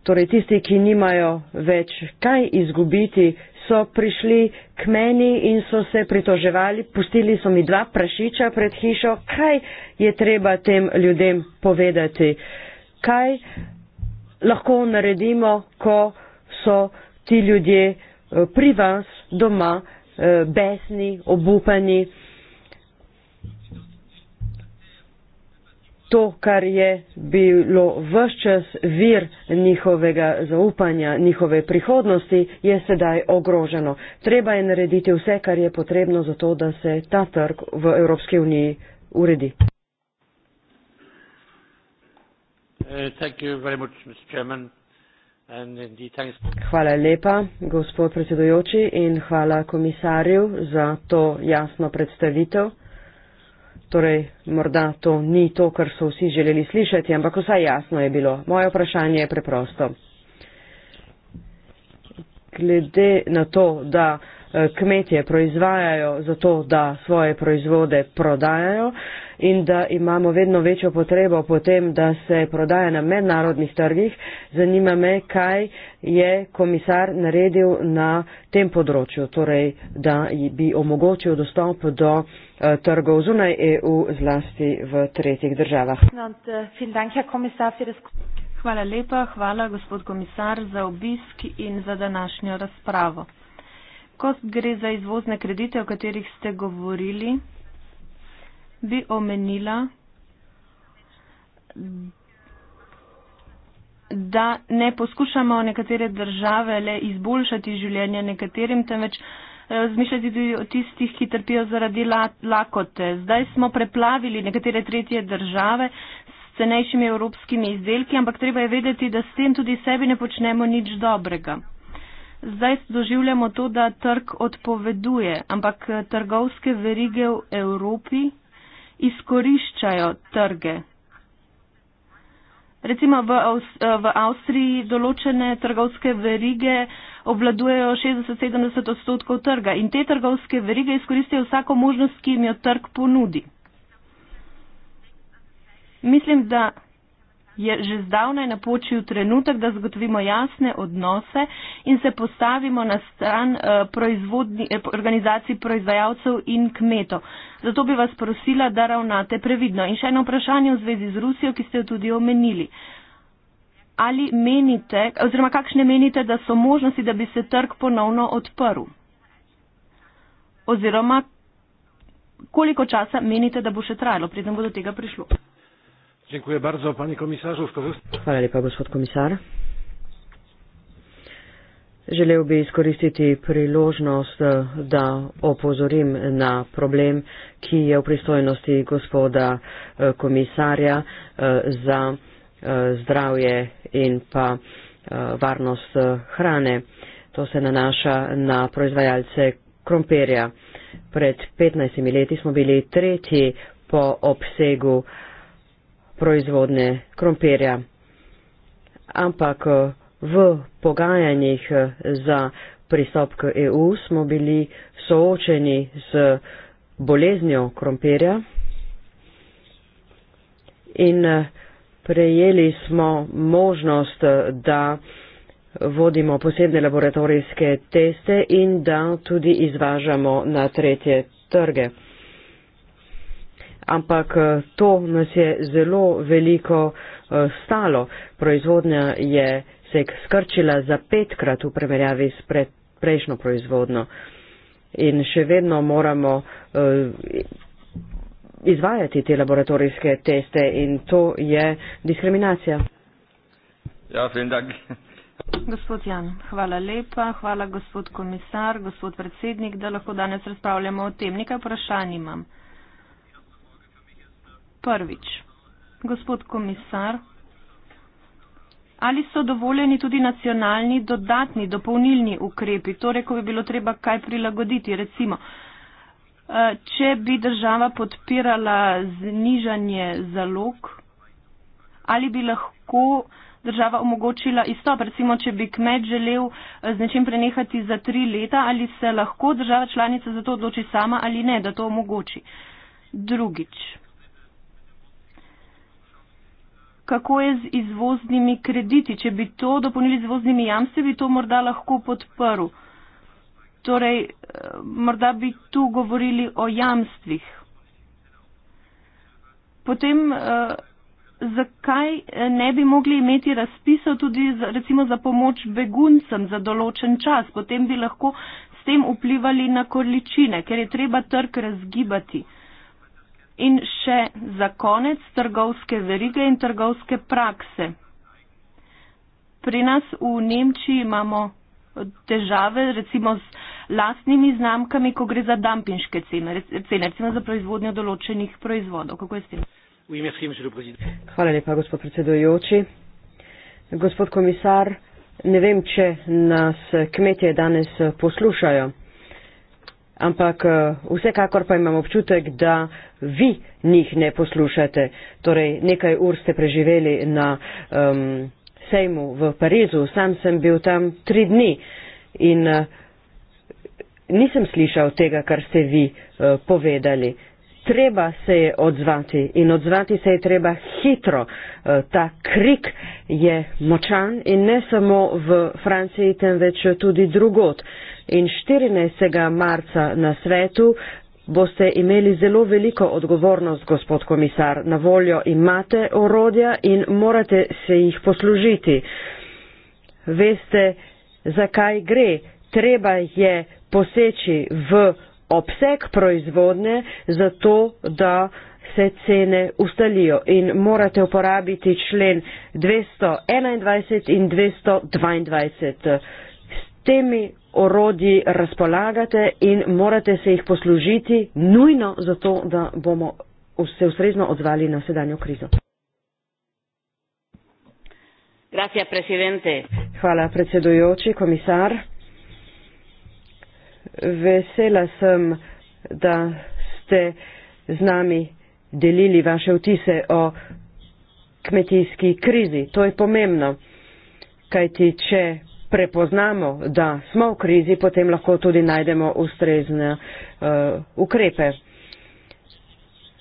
Torej, tisti, ki nimajo več kaj izgubiti, so prišli k meni in so se pritoževali, pustili so mi dva prašiča pred hišo, kaj je treba tem ljudem povedati, kaj lahko naredimo, ko so ti ljudje eh, pri vas doma eh, besni, obupani. to, kar je bilo vse čas vir njihovega zaupanja, njihove prihodnosti, je sedaj ogroženo. Treba je narediti vse, kar je potrebno za to, da se ta trg v Evropski uniji uredi. Uh, hvala lepa, gospod predsedujoči, in hvala komisarju za to jasno predstavitev. Torej, morda to ni to, kar so vsi želeli slišati, ampak vsaj jasno je bilo. Moje vprašanje je preprosto. Glede na to, da eh, kmetje proizvajajo zato, da svoje proizvode prodajajo, in da imamo vedno večjo potrebo po tem, da se prodaja na mednarodnih trgih. Zanima me, kaj je komisar naredil na tem področju, torej da bi omogočil dostop do eh, trgov zunaj EU, zlasti v tretjih državah. Hvala lepa, hvala gospod komisar za obisk in za današnjo razpravo. Ko gre za izvozne kredite, o katerih ste govorili, bi omenila, da ne poskušamo nekatere države le izboljšati življenje nekaterim, temveč eh, zmišljati tudi o tistih, ki trpijo zaradi lakote. Zdaj smo preplavili nekatere tretje države s cenejšimi evropskimi izdelki, ampak treba je vedeti, da s tem tudi sebi ne počnemo nič dobrega. Zdaj doživljamo to, da trg odpoveduje, ampak eh, trgovske verige v Evropi izkoriščajo trge. Recimo v, v Avstriji določene trgovske verige obvladujejo 60-70 odstotkov trga in te trgovske verige izkoristijo vsako možnost, ki jim jo trg ponudi. Mislim, da je že zdavnaj napočil trenutek, da zagotovimo jasne odnose in se postavimo na stran eh, eh, organizacij proizvajalcev in kmetov. Zato bi vas prosila, da ravnate previdno. In še eno vprašanje v zvezi z Rusijo, ki ste jo tudi omenili. Ali menite, oziroma kakšne menite, da so možnosti, da bi se trg ponovno odprl? Oziroma, koliko časa menite, da bo še trajalo, preden bo do tega prišlo? Dziękuję bardzo, panie komisarzu. Hvala lepa, gospod komisar. Želel bi izkoristiti priložnost, da opozorim na problem, ki je v pristojnosti gospoda eh, komisarja eh, za eh, zdravje in pa varnost hrane. To se nanaša na proizvajalce krompirja. Pred 15 leti smo bili tretji po obsegu proizvodne krompirja. Ampak eh, v pogajanjih eh, za pristop k EU smo bili soočeni z boleznjo krompirja in eh, prejeli smo možnost, da vodimo posebne laboratorijske teste in da tudi izvažamo na tretje trge ampak eh, to nas je zelo veliko eh, stalo. Proizvodnja je se skrčila za petkrat v primerjavi s prejšnjo proizvodno in še vedno moramo eh, izvajati te laboratorijske teste in to je diskriminacija. Ja, gospod Jan, hvala lepa, hvala gospod komisar, gospod predsednik, da lahko danes razpravljamo o tem. Nekaj vprašanj imam prvič. Gospod komisar, ali so dovoljeni tudi nacionalni dodatni, dopolnilni ukrepi, torej, ko bi bilo treba kaj prilagoditi, recimo, eh, če bi država podpirala znižanje zalog, ali bi lahko država omogočila izstop, recimo, če bi kmet želel eh, z nečim prenehati za tri leta, ali se lahko država članica za to odloči sama ali ne, da to omogoči. Drugič kako je z izvoznimi krediti. Če bi to dopolnili z izvoznimi jamstvi, bi to morda lahko podprl. Torej, eh, morda bi tu govorili o jamstvih. Potem, eh, zakaj eh, ne bi mogli imeti razpisov tudi recimo za pomoč beguncem za določen čas? Potem bi lahko s tem vplivali na količine, ker je treba trg razgibati. In še za konec trgovske verige in trgovske prakse. Pri nas v Nemčiji imamo težave recimo z lastnimi znamkami, ko gre za dampinške cene, cene recimo za proizvodnjo določenih proizvodov. Kako je s tem? Hvala lepa, gospod predsedujoči. Gospod komisar, ne vem, če nas kmetje danes poslušajo ampak eh, vsekakor pa imam občutek, da vi njih ne poslušate. Torej, nekaj ur ste preživeli na um, sejmu v Parizu, sam sem bil tam tri dni in uh, nisem slišal tega, kar ste vi uh, povedali. Treba se je odzvati in odzvati se je treba hitro. Ta krik je močan in ne samo v Franciji, temveč tudi drugot in 14. marca na svetu boste imeli zelo veliko odgovornost, gospod komisar. Na voljo imate orodja in morate se jih poslužiti. Veste, zakaj gre. Treba je poseči v obseg proizvodne, zato da se cene ustalijo in morate uporabiti člen 221 in 222. S temi orodji razpolagate in morate se jih poslužiti nujno zato, da bomo se ustrezno odzvali na sedanjo krizo. Gracias, Hvala, predsedujoči komisar. Vesela sem, da ste z nami delili vaše vtise o kmetijski krizi. To je pomembno, kajti če prepoznamo, da smo v krizi, potem lahko tudi najdemo ustrezne uh, ukrepe.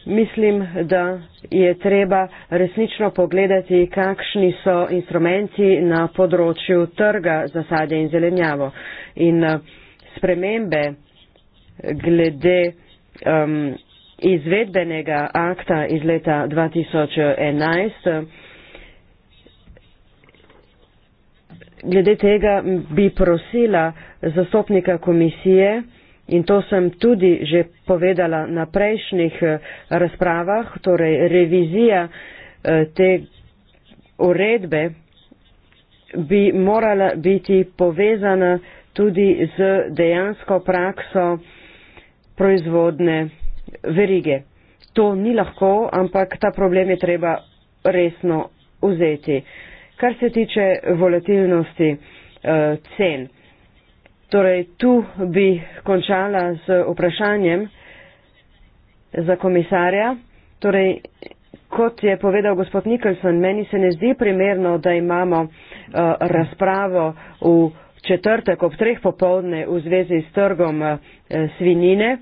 Mislim, da je treba resnično pogledati, kakšni so instrumenti na področju trga za sadje in zelenjavo in eh, spremembe glede um, izvedbenega akta iz leta 2011. glede tega bi prosila zastopnika komisije in to sem tudi že povedala na prejšnjih eh, razpravah, torej revizija eh, te uredbe bi morala biti povezana tudi z dejansko prakso proizvodne verige. To ni lahko, ampak ta problem je treba resno vzeti. Kar se tiče volatilnosti uh, cen, torej tu bi končala z vprašanjem za komisarja. Torej, kot je povedal gospod Nikolson, meni se ne zdi primerno, da imamo uh, razpravo v četrtek ob treh popovdne v zvezi s trgom uh, eh, svinine. Uh,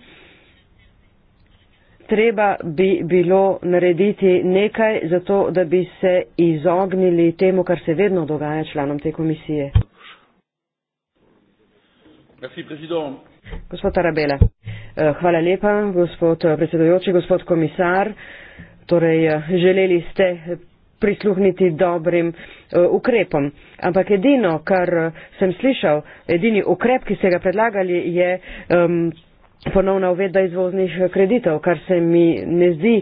treba bi bilo narediti nekaj zato, da bi se izognili temu, kar se vedno dogaja članom te komisije. Gospod Arabela, eh, hvala lepa, gospod eh, predsedujoči, gospod komisar. Torej, eh, želeli ste prisluhniti dobrim ukrepom. Ampak edino, kar sem slišal, edini ukrep, ki ste ga predlagali, je. Um, ponovna uvedba izvoznih kreditov, kar se mi ne zdi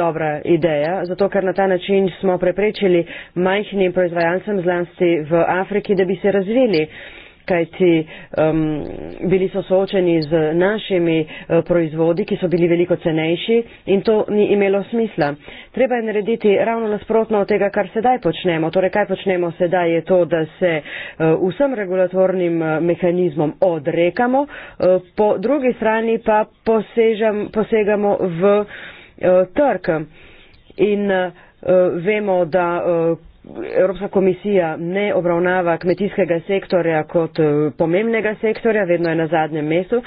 dobra ideja, zato ker na ta način smo preprečili majhnim proizvajalcem zlasti v Afriki, da bi se razvili. Uh, kajti um, bili so soočeni z našimi uh, proizvodi, ki so bili veliko cenejši in to ni imelo smisla. Treba je narediti ravno nasprotno od tega, kar sedaj počnemo. Torej, kaj počnemo sedaj je to, da se uh, vsem regulatornim uh, mehanizmom odrekamo, po drugi strani pa posežam, posegamo v trg. In uh, vemo, da uh, Evropska komisija ne obravnava kmetijskega sektorja kot eh, pomembnega sektorja, vedno je na zadnjem mestu.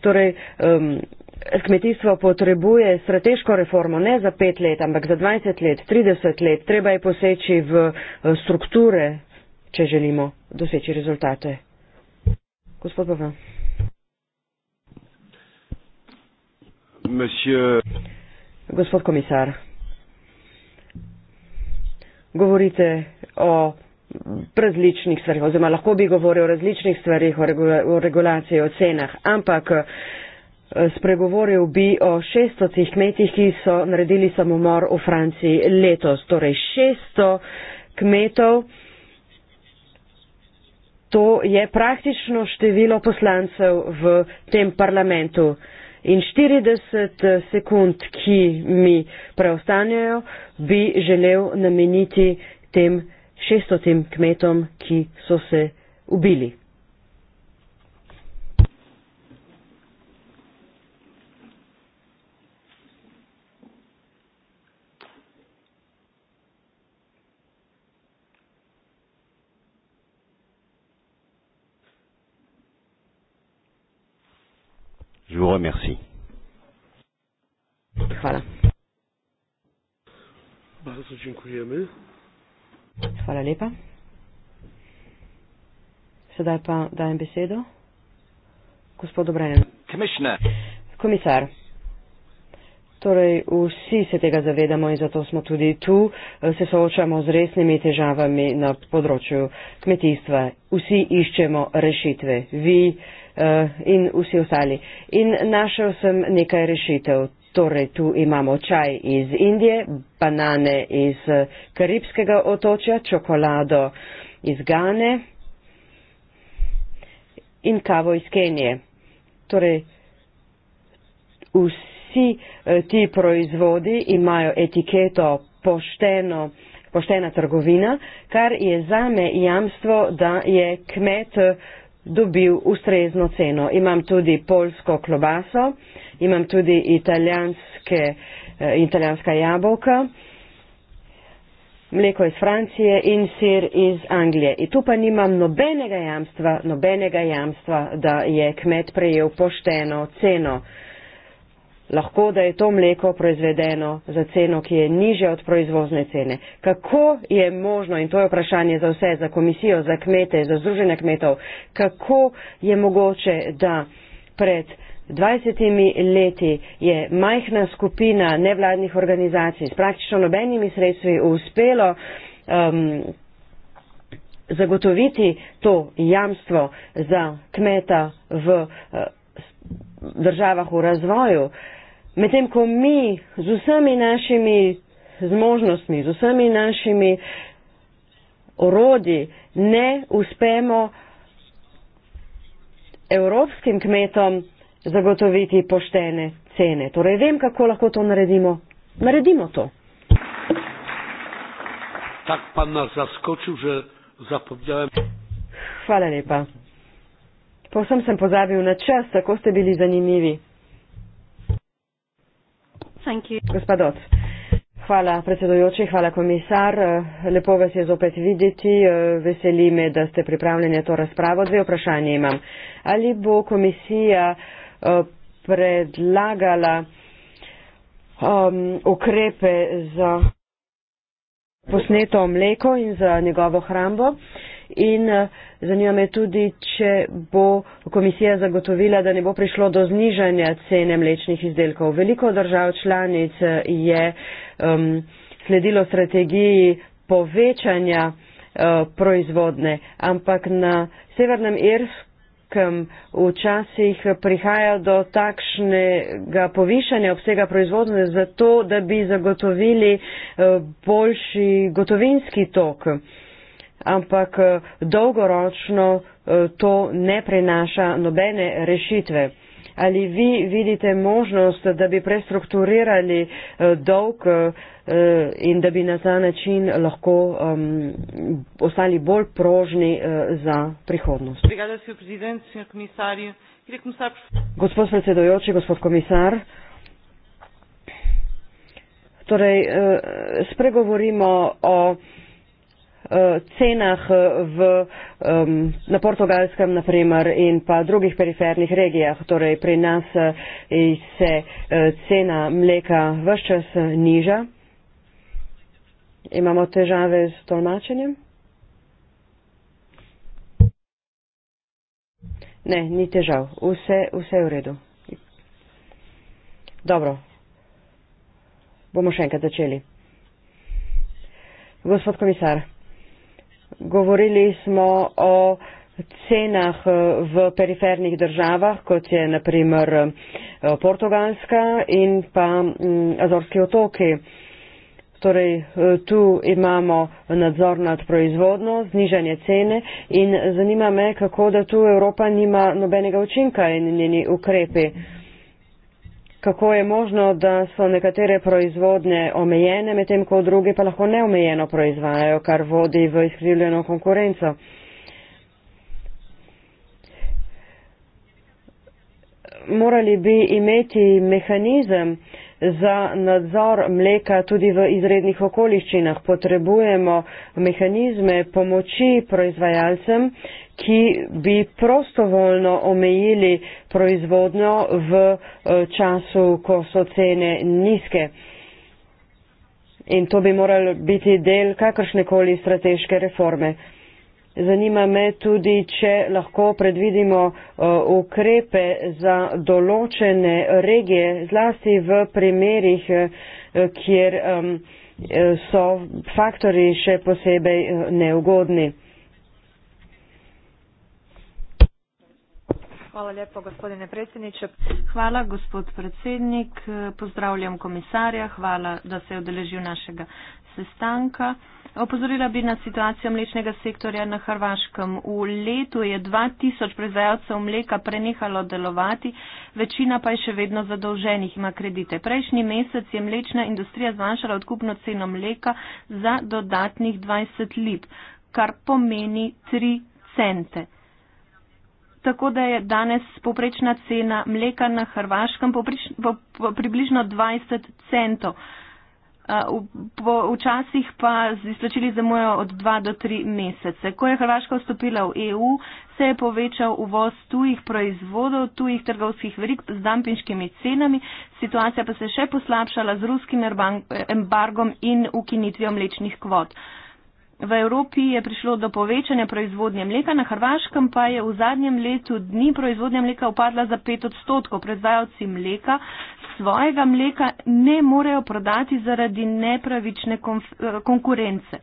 Torej, um, kmetijstvo potrebuje strateško reformo ne za pet let, ampak za dvajset let, trideset let. Treba je poseči v eh, strukture, če želimo doseči rezultate. Gospod Pavel. Monsieur... Gospod komisar govorite o različnih stvarih, oziroma lahko bi govoril o različnih stvarih, o, regula, o regulaciji, o cenah, ampak eh, spregovoril bi o 600 kmetih, ki so naredili samomor v Franciji letos. Torej 600 kmetov, to je praktično število poslancev v tem parlamentu in 40 eh, sekund, ki mi preostanejo, bi želel nameniti tem 600 kmetom, ki so se ubili. Je vous remercie. Voilà. Bardzo dziękujemy. Hvala lepa. Sedaj pa dajem besedo gospodu Brennan. Komisar. Torej, vsi se tega zavedamo in zato smo tudi tu, eh, se soočamo z resnimi težavami na področju kmetijstva. Vsi iščemo rešitve, vi eh, in vsi ostali. In našel sem nekaj rešitev. Torej, tu imamo čaj iz Indije, banane iz eh, Karibskega otoča, čokolado iz Gane in kavo iz Kenije. Torej, vsi vsi eh, ti proizvodi imajo etiketo pošteno, poštena trgovina, kar je zame jamstvo, da je kmet eh, dobil ustrezno ceno. Imam tudi polsko klobaso, imam tudi italijanske, eh, italijanska jabolka, mleko iz Francije in sir iz Anglije. In tu pa nimam nobenega jamstva, nobenega jamstva, da je kmet prejel pošteno ceno. Lahko, da je to mleko proizvedeno za ceno, ki je niže od proizvozne cene. Kako je možno, in to je vprašanje za vse, za komisijo, za kmete, za združene kmetov, kako je mogoče, da pred 20 leti je majhna skupina nevladnih organizacij s praktično nobenimi sredstvi uspelo um, zagotoviti to jamstvo za kmeta v. Uh, državah v razvoju, Medtem ko mi z vsemi našimi zmožnostmi, z vsemi našimi orodi ne uspemo evropskim kmetom zagotoviti poštene cene. Torej vem, kako lahko to naredimo. Naredimo to. Tak pa nas zaskočil, že zapovedujem. Hvala lepa. Povsem sem pozabil na čas, tako ste bili zanimivi. Gospod Doc, hvala predsedujoči, hvala komisar. Eh, lepo vas je zopet videti. Eh, veseli me, da ste pripravljeni to razpravo. Dve vprašanje imam. Ali bo komisija eh, predlagala um, ukrepe za posneto mleko in za njegovo hrambo? Uh, in eh, zanima me tudi, če bo komisija zagotovila, da ne bo prišlo do znižanja cene mlečnih izdelkov. Veliko držav članic eh, je um, sledilo strategiji povečanja eh, proizvodne, ampak na Severnem Irskem včasih prihaja do takšnega povišanja obsega proizvodne zato, da bi zagotovili boljši gotovinski tok ampak eh, dolgoročno eh, to ne prinaša nobene rešitve. Ali vi vidite možnost, da bi prestrukturirali eh, dolg in da bi na ta način lahko um, ostali bolj prožni za prihodnost? Gospod predsedojoči, gospod komisar. Torej, spregovorimo o uh, cenah eh, v, um, na portugalskem, naprimer, in pa drugih perifernih regijah. Torej, pri nas uh, se uh, cena mleka vse čas niža. Imamo težave s tolmačenjem? Ne, ni težav. Vse, vse je v redu. Dobro. Bomo še enkrat začeli. Gospod komisar. Govorili smo o cenah eh, v perifernih državah, kot je naprimer eh, Portugalska in pa mm, Azorski otoki. Torej, eh, tu imamo nadzor nad proizvodno, znižanje cene in zanima me, kako da tu Evropa nima nobenega učinka in njeni ukrepi. Mm -hmm kako je možno, da so nekatere proizvodnje omejene, medtem ko druge pa lahko neomejeno proizvajajo, kar vodi v izkrivljeno konkurenco. Morali bi imeti mehanizem, za nadzor mleka tudi v izrednih okoliščinah. Potrebujemo mehanizme pomoči proizvajalcem, ki bi prostovoljno omejili proizvodnjo v eh, času, ko so cene nizke. In to bi moral biti del kakršnekoli strateške reforme. Zanima me tudi, če lahko predvidimo uh, ukrepe za določene regije, zlasti v primerih, uh, kjer um, so faktori še posebej neugodni. Hvala lepo, gospodine predsedniče. Hvala, gospod predsednik. Pozdravljam komisarja. Hvala, da se je odeležil našega sestanka. Opozorila bi na situacijo mlečnega sektorja na Hrvaškem. V letu je 2000 proizvajalcev mleka prenehalo delovati, večina pa je še vedno zadolženih, ima kredite. Prejšnji mesec je mlečna industrija zmanjšala odkupno ceno mleka za dodatnih 20 lip, kar pomeni 3 cente. Tako da je danes poprečna cena mleka na Hrvaškem poprič, po, po, približno 20 centov. Včasih pa z izplačili zamujajo od 2 do 3 mesece. Ko je Hrvaška vstopila v EU, se je povečal uvoz tujih proizvodov, tujih trgovskih verik z dampinškimi cenami, situacija pa se je še poslabšala z ruskim embargom in ukinitvijo mlečnih kvot. V Evropi je prišlo do povečanja proizvodnje mleka, na Hrvaškem pa je v zadnjem letu dni proizvodnja mleka upadla za 5 odstotkov. Predvajalci mleka svojega mleka ne morejo prodati zaradi nepravične konf, eh, konkurence.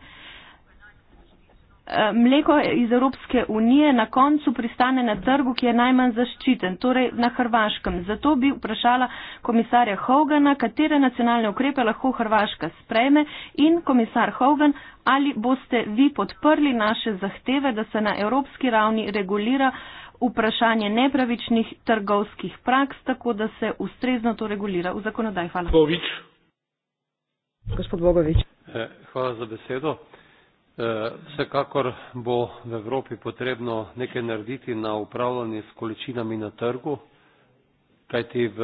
Eh, mleko iz Evropske unije na koncu pristane na trgu, ki je najmanj zaščiten, torej na Hrvaškem. Zato bi vprašala komisarja Hogana, katere nacionalne ukrepe lahko Hrvaška sprejme in komisar Hogan, ali boste vi podprli naše zahteve, da se na evropski ravni regulira vprašanje nepravičnih trgovskih praks, tako da se ustrezno to regulira v zakonodaj. Hvala. Bogovič. Gospod Bogovič. Eh, hvala za besedo. Eh, vsekakor bo v Evropi potrebno nekaj narediti na upravljanje s količinami na trgu, kajti v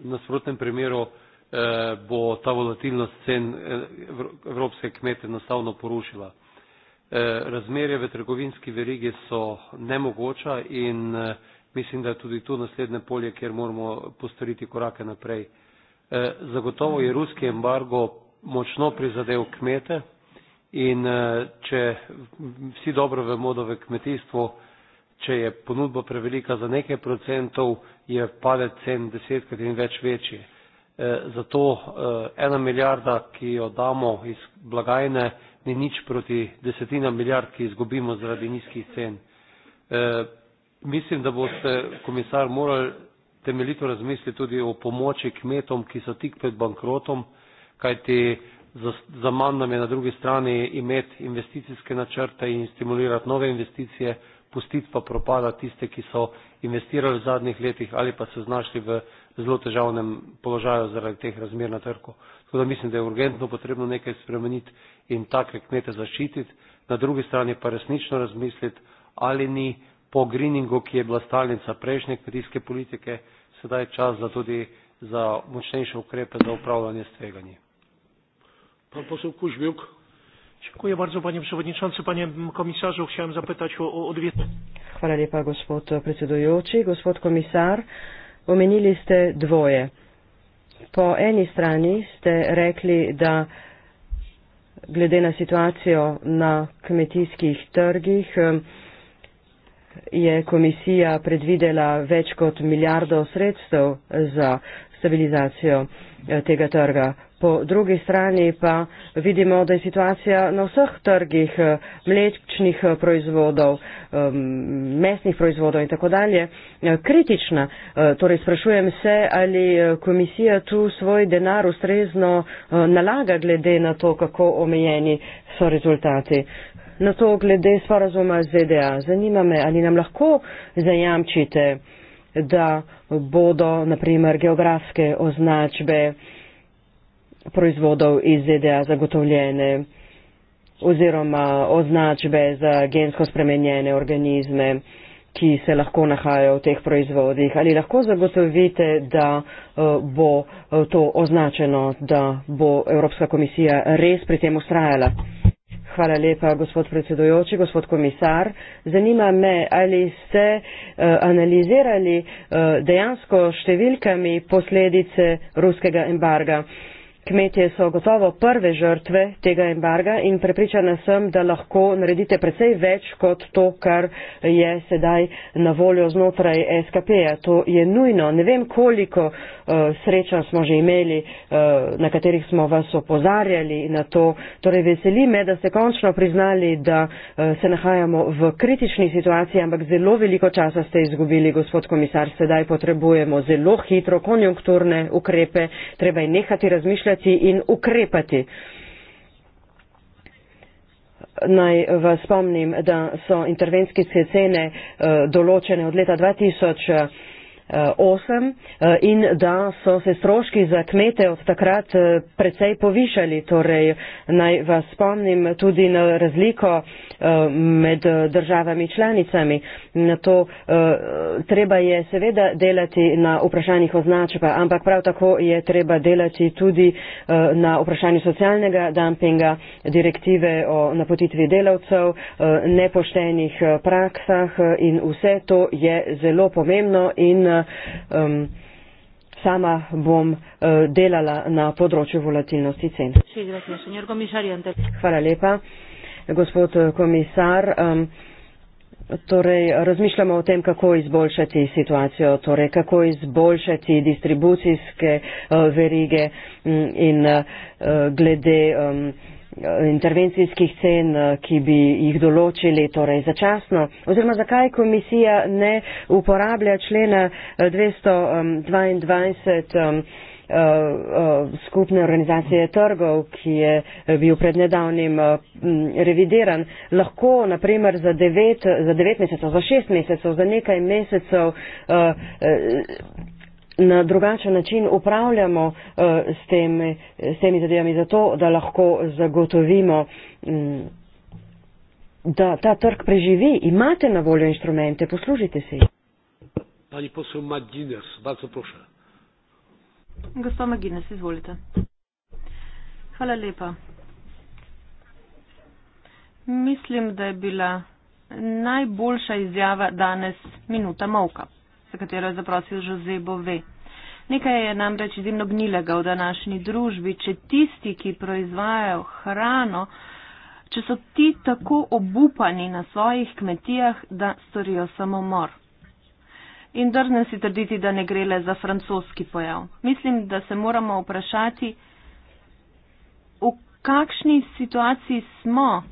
nasprotnem primeru eh, bo ta volatilnost cen evropske kmete enostavno porušila. Eh, razmerje v trgovinski verigi so nemogoča in eh, mislim, da je tudi tu naslednje polje, kjer moramo postoriti korake naprej. Eh, zagotovo je ruski embargo močno prizadev kmete in če vsi dobro vemo, da v kmetijstvu, če je ponudba prevelika za nekaj procentov, je padec cen desetkrat in več večji. Zato ena milijarda, ki jo damo iz blagajne, ni nič proti desetinam milijard, ki izgubimo zaradi nizkih cen. E, mislim, da boste, komisar, morali temeljito razmisliti tudi o pomoči kmetom, ki so tik pred bankrotom, kajti za, za manj nam je na drugi strani imeti investicijske načrte in stimulirati nove investicije, pustiti pa propada tiste, ki so investirali v zadnjih letih ali pa se znašli v zelo težavnem položaju zaradi teh razmer na trgu. Tako da mislim, da je urgentno potrebno nekaj spremeniti in take kmete zaščititi, na drugi strani pa resnično razmisliti, ali ni po greeningu, ki je bila stalnica prejšnje kmetijske politike, sedaj čas za tudi za močnejše ukrepe za upravljanje s tveganji. Dziękuję bardzo panie przewodniczący, panie komisarzu. Chciałem zapytać o, o dwie. Hvala lepa, gospod predsedujoči, gospod komisar omenili ste dvoje. Po eni strani ste rekli, da glede na situacijo na kmetijskih trgih ehm, je komisija predvidela več kot milijardo sredstev za stabilizacijo eh, tega trga po drugi strani pa vidimo, da je situacija na vseh trgih eh, mlečnih eh, proizvodov, mesnih proizvodov in tako dalje eh, kritična. Torej sprašujem se, ali komisija tu svoj denar ustrezno nalaga glede na to, kako omejeni so rezultati. Na to glede sporazuma ZDA. Zanima me, ali nam lahko zajamčite, da bodo naprimer geografske označbe, proizvodov iz ZDA zagotovljene oziroma označbe za gensko spremenjene organizme, ki se lahko nahajajo v teh proizvodih. Ali lahko zagotovite, da eh, bo eh, to označeno, da bo Evropska komisija res pri tem ustrajala? Hvala lepa, gospod predsedujoči, gospod komisar. Zanima me, ali ste eh, analizirali dejansko številkami posledice ruskega embarga. Kmetje so gotovo prve žrtve tega embarga in prepričana sem, da lahko naredite precej več kot to, kar je sedaj na voljo znotraj SKP-ja. To je nujno. Ne vem, koliko uh, eh, sreča smo že imeli, uh, na katerih smo vas opozarjali na to. Torej, veseli me, da ste končno priznali, da uh, se nahajamo v kritični situaciji, ampak zelo veliko časa ste izgubili, gospod komisar. Sedaj potrebujemo zelo hitro konjunkturne ukrepe. Treba je nehati razmišljati reagirati in ukrepati. Naj vas spomnim, da so intervenske cene eh, določene od leta 2000 osem eh, in da so se stroški za kmete od takrat eh, precej povišali. Torej, naj vas spomnim tudi na razliko eh, med državami članicami. Na to treba je seveda delati na vprašanjih označba, ampak prav tako je treba delati tudi na vprašanju socialnega dumpinga, direktive o napotitvi delavcev, nepoštenih praksah in vse to je zelo pomembno. In, um, sama bom uh, delala na področju volatilnosti cen. Hvala lepa, gospod eh, komisar. Um, Torej, razmišljamo o tem, kako izboljšati situacijo, torej, kako izboljšati distribucijske uh, verige m, mm, in uh, glede um, Eh, intervencijskih cen, eh, ki bi jih določili torej začasno? Oziroma zakaj komisija ne uporablja člena 222 eh, ehm, ehm, skupne organizacije trgov, ki je bil pred nedavnim revidiran, lahko naprimer za 9 devet, za devet mesecev, za 6 mesecev, za nekaj mesecev na drugačen način upravljamo eh, s temi, s temi zadevami, zato da lahko zagotovimo, mm, da ta trg preživi. Imate na voljo inštrumente, poslužite si. Pani posel Magines, vas zaprošam. Gospod Magines, izvolite. Hvala lepa. Mislim, da je bila najboljša izjava danes minuta mavka za katero je zaprosil Jose Bove. Nekaj je namreč izjemno gnilega v današnji družbi, če tisti, ki proizvajajo hrano, če so ti tako obupani na svojih kmetijah, da storijo samomor. In drznem si trditi, da ne gre le za francoski pojav. Mislim, da se moramo vprašati, v kakšni situaciji smo,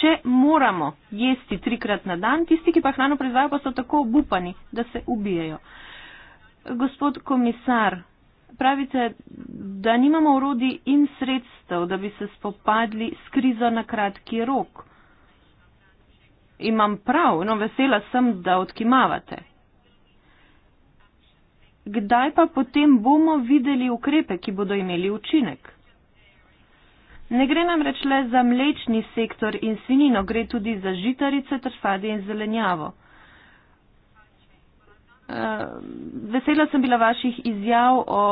če moramo jesti trikrat na dan, tisti, ki pa hrano predvajo, pa so tako obupani, da se ubijajo. Gospod komisar, pravite, da nimamo urodi in sredstev, da bi se spopadli s krizo na kratki rok. Imam prav, no vesela sem, da odkimavate. Kdaj pa potem bomo videli ukrepe, ki bodo imeli učinek? Ne gre namreč le za mlečni sektor in svinino, gre tudi za žitarice, trfadje in zelenjavo. Eh, vesela sem bila vaših izjav o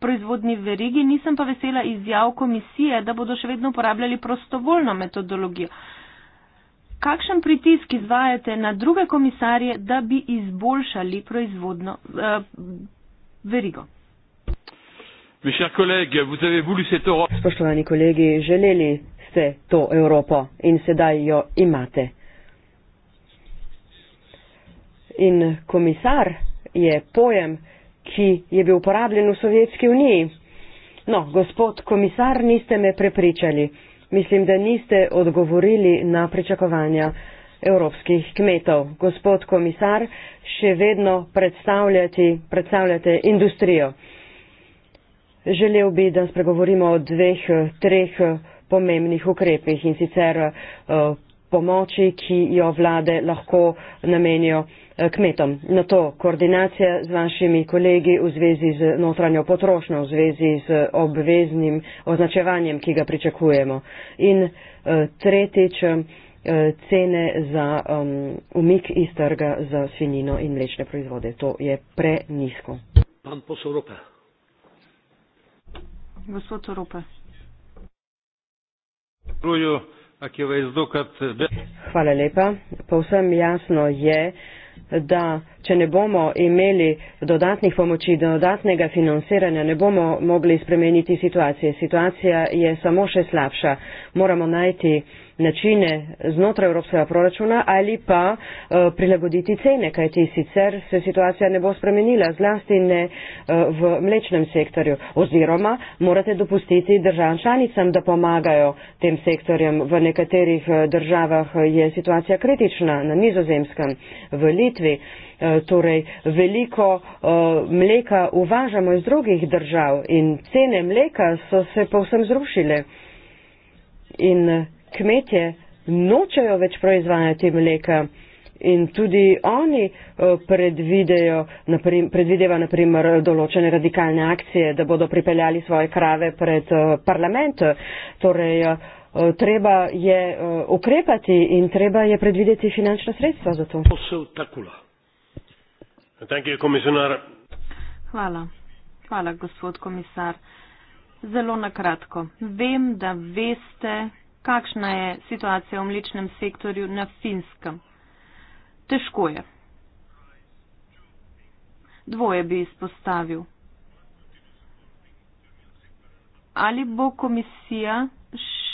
proizvodni verigi, nisem pa vesela izjav komisije, da bodo še vedno uporabljali prostovoljno metodologijo. Kakšen pritisk izvajate na druge komisarje, da bi izboljšali proizvodno eh, verigo? Mes chers collègues, vous avez voulu cette Europe. Spoštovani kolegi, želeli ste to Evropo in sedaj jo imate. In komisar je pojem, ki je bil uporabljen v Sovjetski uniji. No, gospod komisar, niste me prepričali. Mislim, da niste odgovorili na pričakovanja evropskih kmetov. Gospod komisar, še vedno predstavljate industrijo. Želel bi, da spregovorimo o dveh, eh, treh eh, pomembnih ukrepih in sicer eh, pomoči, ki jo vlade lahko namenijo kmetom. Na to koordinacija z vašimi kolegi v zvezi z notranjo potrošnjo, v zvezi z obveznim označevanjem, ki ga pričakujemo. In tretjič, cene za um, umik iz trga za svinino in mlečne proizvode. To je prenisko. Pan posoropa gospod Torope. Hvala lepa. Povsem jasno je, da če ne bomo imeli dodatnih pomoči, dodatnega financiranja, ne bomo mogli spremeniti situacije. Situacija je samo še slabša. Moramo najti načine znotraj evropskega proračuna ali pa uh, prilagoditi cene, kajti sicer se situacija ne bo spremenila, zlasti ne uh, v mlečnem sektorju. Oziroma morate dopustiti državam članicam, da pomagajo tem sektorjem. V nekaterih eh, državah je situacija kritična, na nizozemskem, v Litvi. Uh, Eh, torej veliko eh, mleka uvažamo iz drugih držav in cene mleka so se povsem zrušile. In eh, kmetje nočejo več proizvajati mleka in tudi oni predvidejo, predvideva naprimer določene radikalne akcije, da bodo pripeljali svoje krave pred parlament. Torej, treba je ukrepati in treba je predvideti finančno sredstvo za to. Posel takula. Thank you, komisar. Hvala. Hvala, gospod komisar. Zelo nakratko. Vem, da veste, kakšna je situacija v mličnem sektorju na finskem. Težko je. Dvoje bi izpostavil. Ali bo komisija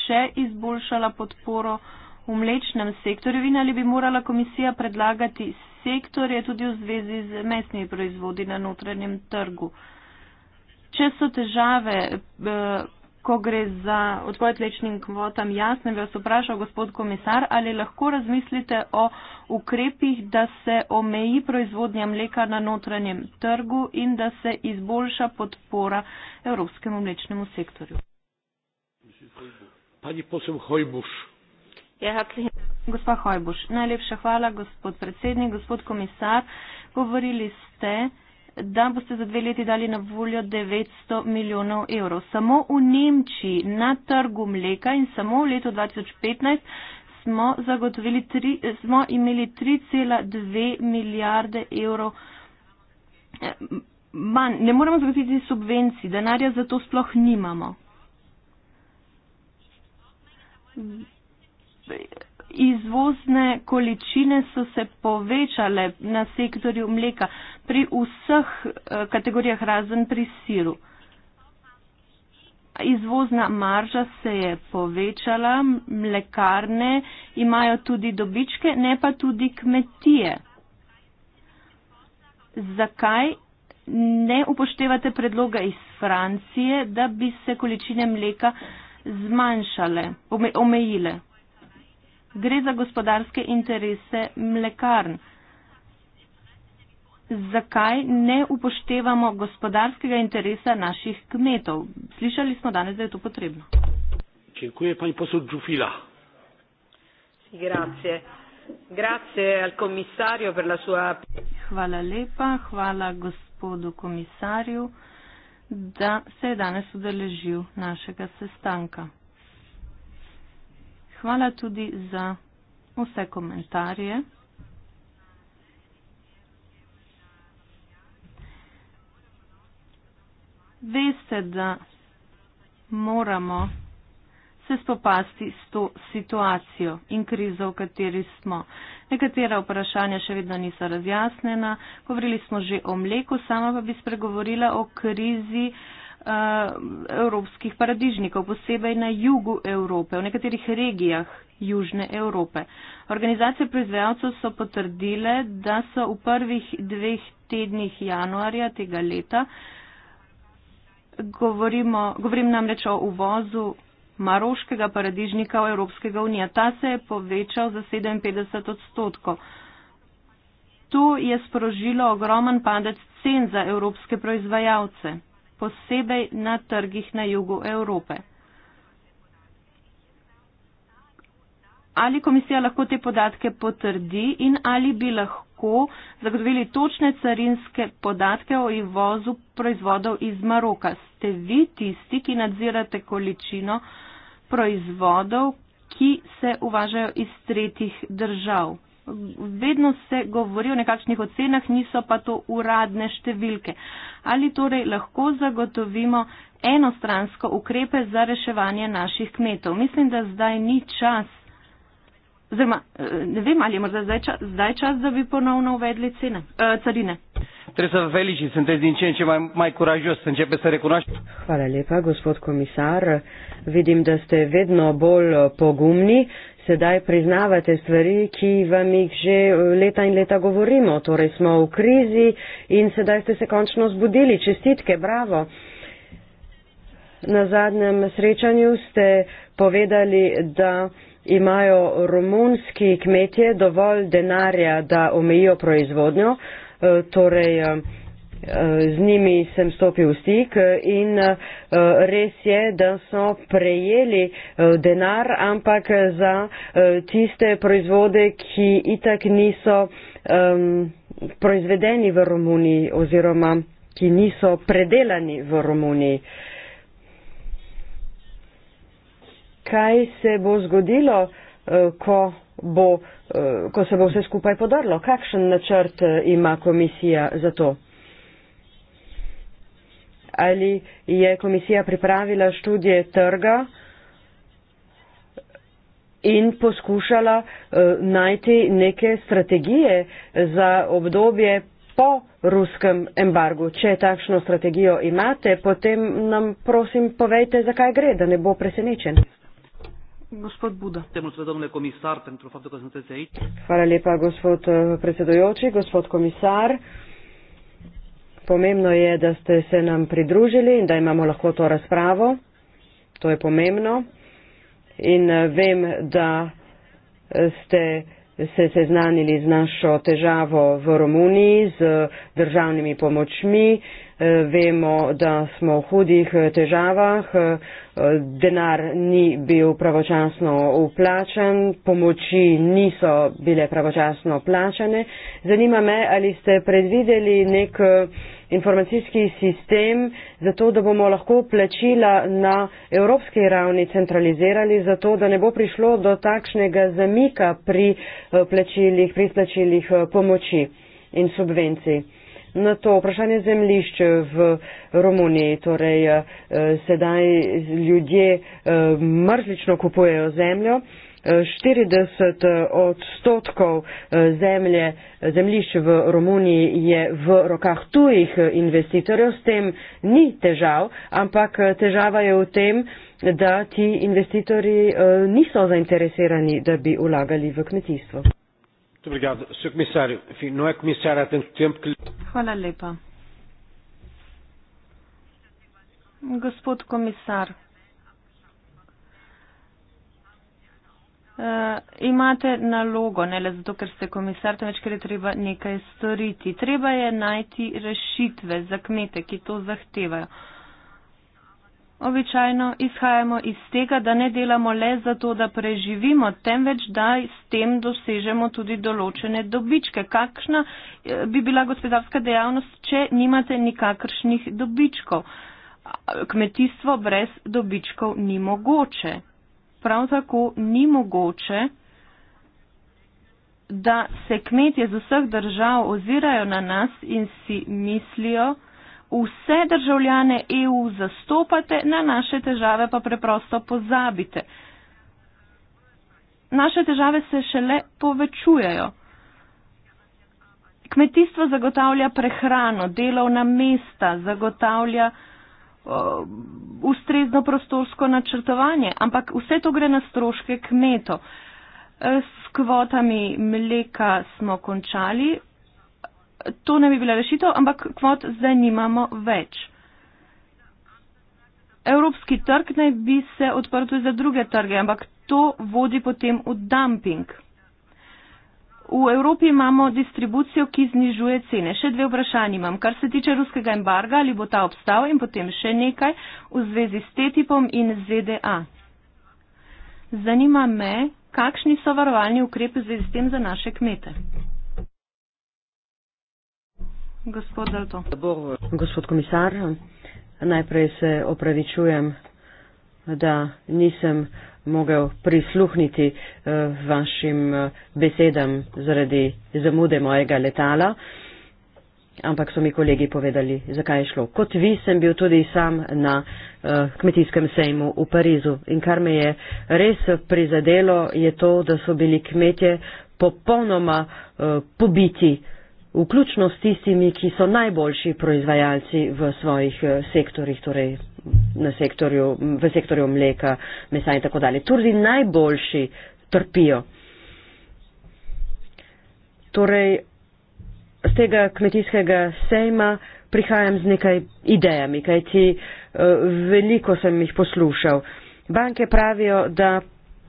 še izboljšala podporo? V mlečnem sektorju vina bi morala komisija predlagati sektorje tudi v zvezi z mestnimi proizvodi na notranjem trgu. Če so težave, eh, ko gre za odpoved lečnim kvotam, jasne, bi vas vprašal, gospod komisar, ali lahko razmislite o ukrepih, da se omeji proizvodnja mleka na notranjem trgu in da se izboljša podpora Evropskemu mlečnemu sektorju. Pani posel Hojbuš. Ja, herzlichen Gospa Hojbuš, najlepša hvala, gospod predsednik, gospod komisar. Govorili ste, da boste za dve leti dali na voljo 900 milijonov evrov. Samo v Nemčiji na trgu mleka in samo v letu 2015 smo, tri, smo imeli 3,2 milijarde evrov. Eh, Man, ne moremo zagotoviti subvencij, denarja za to sploh nimamo izvozne količine so se povečale na sektorju mleka pri vseh eh, kategorijah razen pri siru. Izvozna marža se je povečala, mlekarne imajo tudi dobičke, ne pa tudi kmetije. Zakaj ne upoštevate predloga iz Francije, da bi se količine mleka zmanjšale, omejile? Gre za gospodarske interese mlekarn. Zakaj ne upoštevamo gospodarskega interesa naših kmetov? Slišali smo danes, da je to potrebno. Hvala lepa, hvala gospodu komisarju, da se je danes udeležil našega sestanka. Hvala tudi za vse komentarje. Veste, da moramo se spopasti s to situacijo in krizo, v kateri smo. Nekatera vprašanja še vedno niso razjasnjena. Govorili smo že o mleku, sama pa bi spregovorila o krizi. Eh, evropskih paradižnikov, posebej na jugu Evrope, v nekaterih regijah Južne Evrope. Organizacije proizvajalcev so potrdile, da so v prvih dveh tednih januarja tega leta, govorimo, govorim namreč o uvozu maroškega paradižnika v Evropskega unija, ta se je povečal za 57 odstotkov. To je sprožilo ogroman padec cen za evropske proizvajalce posebej na trgih na jugu Evrope. Ali komisija lahko te podatke potrdi in ali bi lahko zagotovili točne carinske podatke o izvozu proizvodov iz Maroka? Ste vi tisti, ki nadzirate količino proizvodov, ki se uvažajo iz tretjih držav? vedno se govori o nekakšnih ocenah, niso pa to uradne številke. Ali torej lahko zagotovimo enostransko ukrepe za reševanje naših kmetov? Mislim, da zdaj ni čas, oziroma eh, ne vem, ali je morda zdaj čas, zdaj čas da bi ponovno uvedli cene, eh, carine. Trebuie să vă felicit, sunteți din ce în ce mai, mai curajos, începe să recunoaște. Hvala lepa, gospod komisar. Vidim, da ste vedno bolj eh, pogumni, sedaj priznavate stvari, ki vam jih že eh, leta in leta govorimo. Torej smo v krizi in sedaj ste se končno zbudili. Čestitke, bravo. Na zadnjem srečanju ste povedali, da imajo romunski kmetje dovolj denarja, da omejijo proizvodnjo. Eh, torej eh, eh, z njimi sem stopil v stik in res je, da so prejeli denar, ampak za tiste proizvode, ki itak niso proizvedeni v Romuniji oziroma ki niso predelani v Romuniji. Kaj se bo zgodilo, ko bo, eh, ko se bo vse skupaj podarilo. Kakšen načrt eh, ima komisija za to? Ali je komisija pripravila študije trga in poskušala eh, najti neke strategije za obdobje po ruskem embargu? Če takšno strategijo imate, potem nam prosim povejte, zakaj gre, da ne bo presenečen. Gospod Buda. Temu svetovnemu komisar, pentru faptul că sunteți aici. Hvala lepa, gospod eh, predsedujoči, gospod komisar. Pomembno je, da ste se nam pridružili in da imamo lahko to razpravo. To je pomembno. In eh, vem, da eh, ste se seznanili z našo težavo v Romuniji, z državnimi pomočmi, Eh, vemo, da smo v hudih eh, težavah, eh, denar ni bil pravočasno uplačen, pomoči niso bile pravočasno plačane. Zanima me, ali ste predvideli nek informacijski sistem za to, da bomo lahko plačila na evropski ravni centralizirali, zato da ne bo prišlo do takšnega zamika pri plačilih, pri plačilih pomoči in subvencij na to vprašanje zemljišč v Romuniji. Torej, eh, sedaj ljudje eh, mrzlično kupujejo zemljo. 40 eh, odstotkov zemlje, zemljišč v Romuniji je v rokah tujih investitorjev, s tem ni težav, ampak težava je v tem, da ti investitorji niso zainteresirani, da bi ulagali v kmetijstvo obrigado, Sr. Comissário. Enfim, não é Comissário há tanto tempo que. Hvala lepa. Gospod komisar, uh, imate nalogo, ne le zato, ker ste komisar, temveč ker je treba nekaj storiti. Treba je najti rešitve za kmete, ki to zahtevajo. Uh, običajno izhajamo iz tega, da ne delamo le zato, da preživimo, temveč da s tem dosežemo tudi določene dobičke. Kakšna eh, bi bila gospodarska dejavnost, če nimate nikakršnih dobičkov? Kmetijstvo brez dobičkov ni mogoče. Prav tako ni mogoče, da se kmetje z vseh držav ozirajo na nas in si mislijo, vse državljane EU zastopate, na naše težave pa preprosto pozabite. Naše težave se šele povečujejo. Kmetijstvo zagotavlja prehrano, delovna mesta, zagotavlja uh, ustrezno prostorsko načrtovanje, ampak vse to gre na stroške kmeto. E, s kvotami mleka smo končali, to ne bi bila rešitev, ampak kvot zdaj nimamo več. Evropski trg naj bi se odprl tudi za druge trge, ampak to vodi potem v dumping. V Evropi imamo distribucijo, ki znižuje cene. Še dve vprašanje imam. Kar se tiče ruskega embarga, ali bo ta obstal in potem še nekaj v zvezi s TTIP-om in ZDA. Zanima me, kakšni so varovalni ukrepi v zvezi s tem za naše kmete. Gospod Delto. Gospod komisar, najprej se opravičujem, da nisem mogel prisluhniti eh, vašim eh, besedam zaradi zamude mojega letala, ampak so mi kolegi povedali, zakaj je šlo. Kot vi sem bil tudi sam na eh, kmetijskem sejmu v Parizu in kar me je res prizadelo, je to, da so bili kmetje popolnoma pobiti. Po vključno s tistimi, ki so najboljši proizvajalci v svojih eh, sektorjih, torej sektorju, v sektorju mleka, mesa in tako dalje. Tudi najboljši trpijo. Torej, z tega kmetijskega sejma prihajam z nekaj idejami, kajti eh, veliko sem jih poslušal. Banke pravijo, da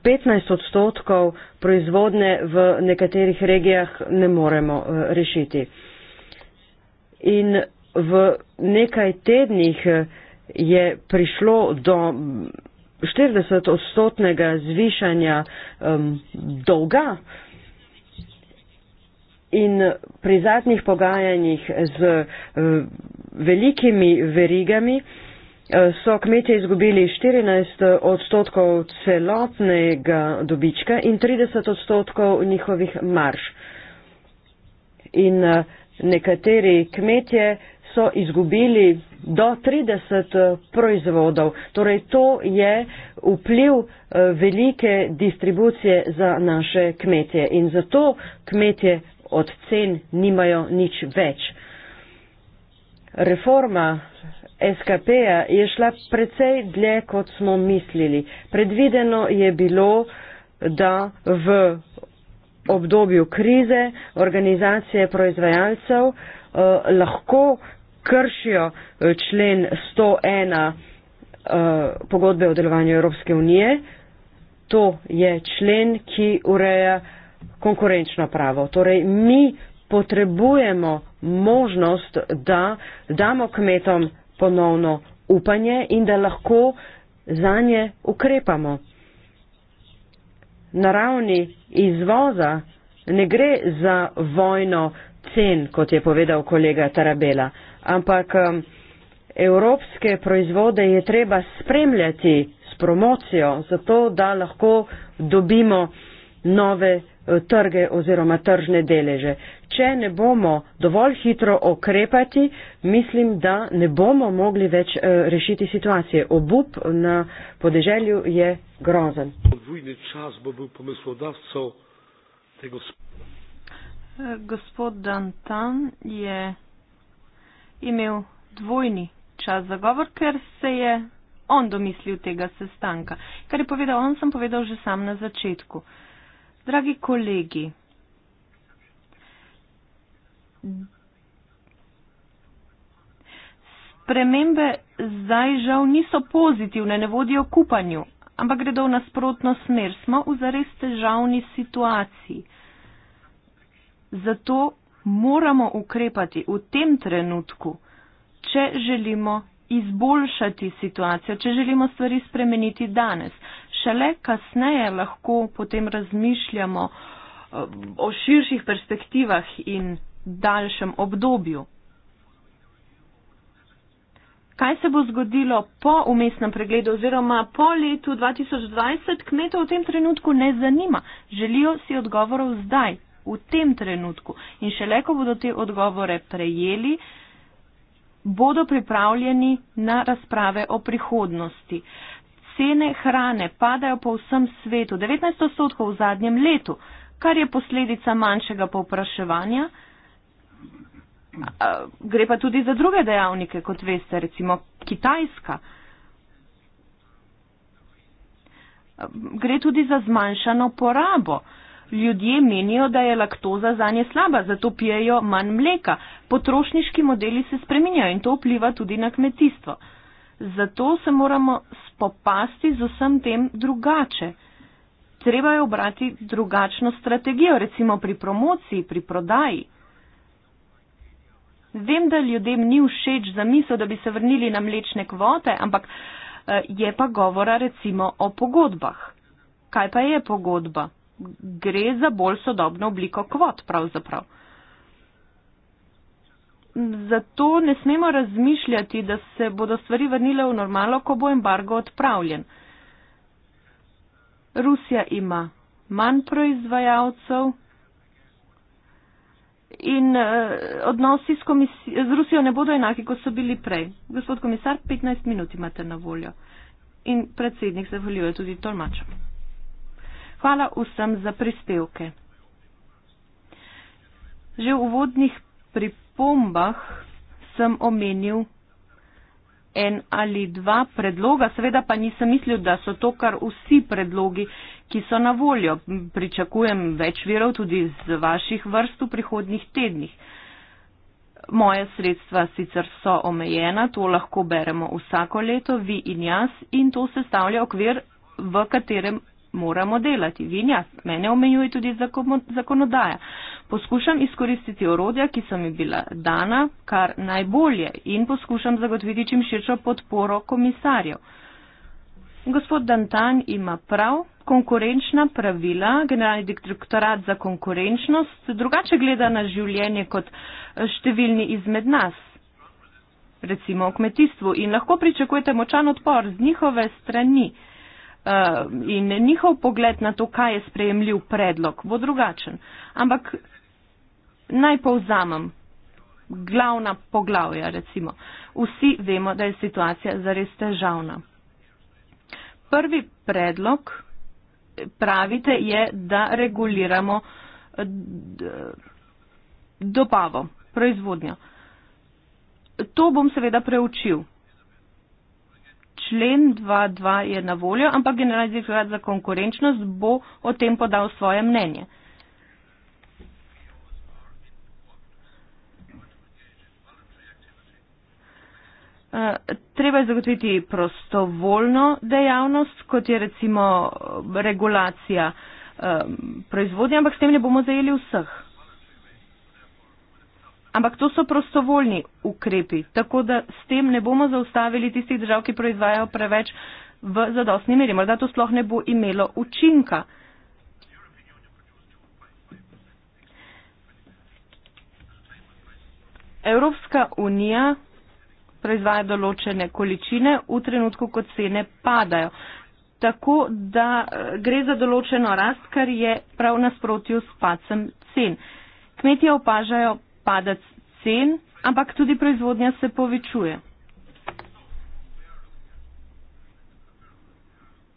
15 odstotkov proizvodne v nekaterih regijah ne moremo eh, rešiti. In v nekaj tednih eh, je prišlo do 40 odstotnega zvišanja um, dolga. In pri zadnjih pogajanjih z eh, velikimi verigami Eh, so kmetje izgubili 14 eh, odstotkov celotnega dobička in 30 odstotkov njihovih marš. In eh, nekateri kmetje so izgubili do 30 proizvodov. Torej to je vpliv velike distribucije za naše kmetje in zato kmetje od cen nimajo nič več. Reforma SKP-ja je šla precej dlje, kot smo mislili. Predvideno je bilo, da v obdobju krize organizacije proizvajalcev eh, lahko kršijo eh, člen 101 eh, pogodbe o delovanju Evropske unije. To je člen, ki ureja konkurenčno pravo. Torej, mi potrebujemo možnost, da damo kmetom ponovno upanje in da lahko za nje ukrepamo. Na ravni izvoza ne gre za vojno cen, kot je povedal kolega Tarabela, ampak um, evropske proizvode je treba spremljati s promocijo, zato da lahko dobimo nove Eh, trge oziroma tržne deleže. Če ne bomo dovolj hitro okrepati, mislim, da ne bomo mogli več eh, rešiti situacije. Obup na podeželju je grozen. Eh, gospod Dantan je imel dvojni čas za govor, ker se je on domislil tega sestanka. Kar je povedal on, sem povedal že sam na začetku. Uh, Dragi kolegi, spremembe zdaj žal niso pozitivne, ne vodijo kupanju, ampak gredo v nasprotno smer. Smo v zares težavni situaciji. Zato moramo ukrepati v tem trenutku, če želimo izboljšati situacijo, če želimo stvari spremeniti danes. Šele kasneje lahko potem razmišljamo eh, o širših perspektivah in daljšem obdobju. Kaj se bo zgodilo po umestnem pregledu oziroma po letu 2020, kmetov v tem trenutku ne zanima. Želijo si odgovorov zdaj, v tem trenutku. In šele, ko bodo te odgovore prejeli, bodo pripravljeni na razprave o prihodnosti. Cene hrane padajo po vsem svetu 19 odstotkov v zadnjem letu, kar je posledica manjšega povpraševanja. Gre pa tudi za druge dejavnike, kot veste, recimo Kitajska. Gre tudi za zmanjšano porabo. Ljudje menijo, da je laktoza zanje slaba, zato pijejo manj mleka. Potrošniški modeli se spreminjajo in to vpliva tudi na kmetijstvo. Zato se moramo spopasti z vsem tem drugače. Treba je obrati drugačno strategijo, recimo pri promociji, pri prodaji. Vem, da ljudem ni všeč zamisel, da bi se vrnili na mlečne kvote, ampak eh, je pa govora recimo o pogodbah. Kaj pa je pogodba? gre za bolj sodobno obliko kvot pravzaprav. Zato ne smemo razmišljati, da se bodo stvari vrnile v normalo, ko bo embargo odpravljen. Rusija ima manj proizvajalcev in eh, odnosi z, z Rusijo ne bodo enaki, kot so bili prej. Gospod komisar, 15 minut imate na voljo. In predsednik se volijo tudi tolmačem. Hvala vsem za prispevke. Že v uvodnih pripombah sem omenil en ali dva predloga, seveda pa nisem mislil, da so to kar vsi predlogi, ki so na voljo. Pričakujem več virov tudi z vaših vrst v prihodnih tednih. Moje sredstva sicer so omejena, to lahko beremo vsako leto, vi in jaz, in to sestavlja okvir, v katerem moramo delati, vi in jaz. Mene omejuje tudi zakonodaja. Poskušam izkoristiti orodja, ki so mi bila dana, kar najbolje in poskušam zagotoviti čim širšo podporo komisarjev. Gospod Dantan ima prav, konkurenčna pravila, generalni direktorat za konkurenčnost drugače gleda na življenje kot številni izmed nas, recimo v kmetijstvu, in lahko pričakujete močan odpor z njihove strani uh, in njihov pogled na to, kaj je sprejemljiv predlog, bo drugačen. Ampak naj povzamem glavna poglavja, recimo. Vsi vemo, da je situacija zares težavna. Prvi predlog, pravite, je, da reguliramo eh, dobavo, proizvodnjo. To bom seveda preučil člen 2.2 je na voljo, ampak generalni direktorat za konkurenčnost bo o tem podal svoje mnenje. Eh, treba je zagotoviti prostovoljno dejavnost, kot je recimo regulacija eh, proizvodnje, ampak s tem ne bomo zajeli vseh ampak to so prostovoljni ukrepi, tako da s tem ne bomo zaustavili tistih držav, ki proizvajajo preveč v zadostni meri. Morda to sploh ne bo imelo učinka. Evropska unija proizvaja določene količine v trenutku, ko cene padajo. Tako da eh, gre za določeno rast, kar je prav nasprotju s pacem cen. Kmetje opažajo padec cen, ampak tudi proizvodnja se povečuje.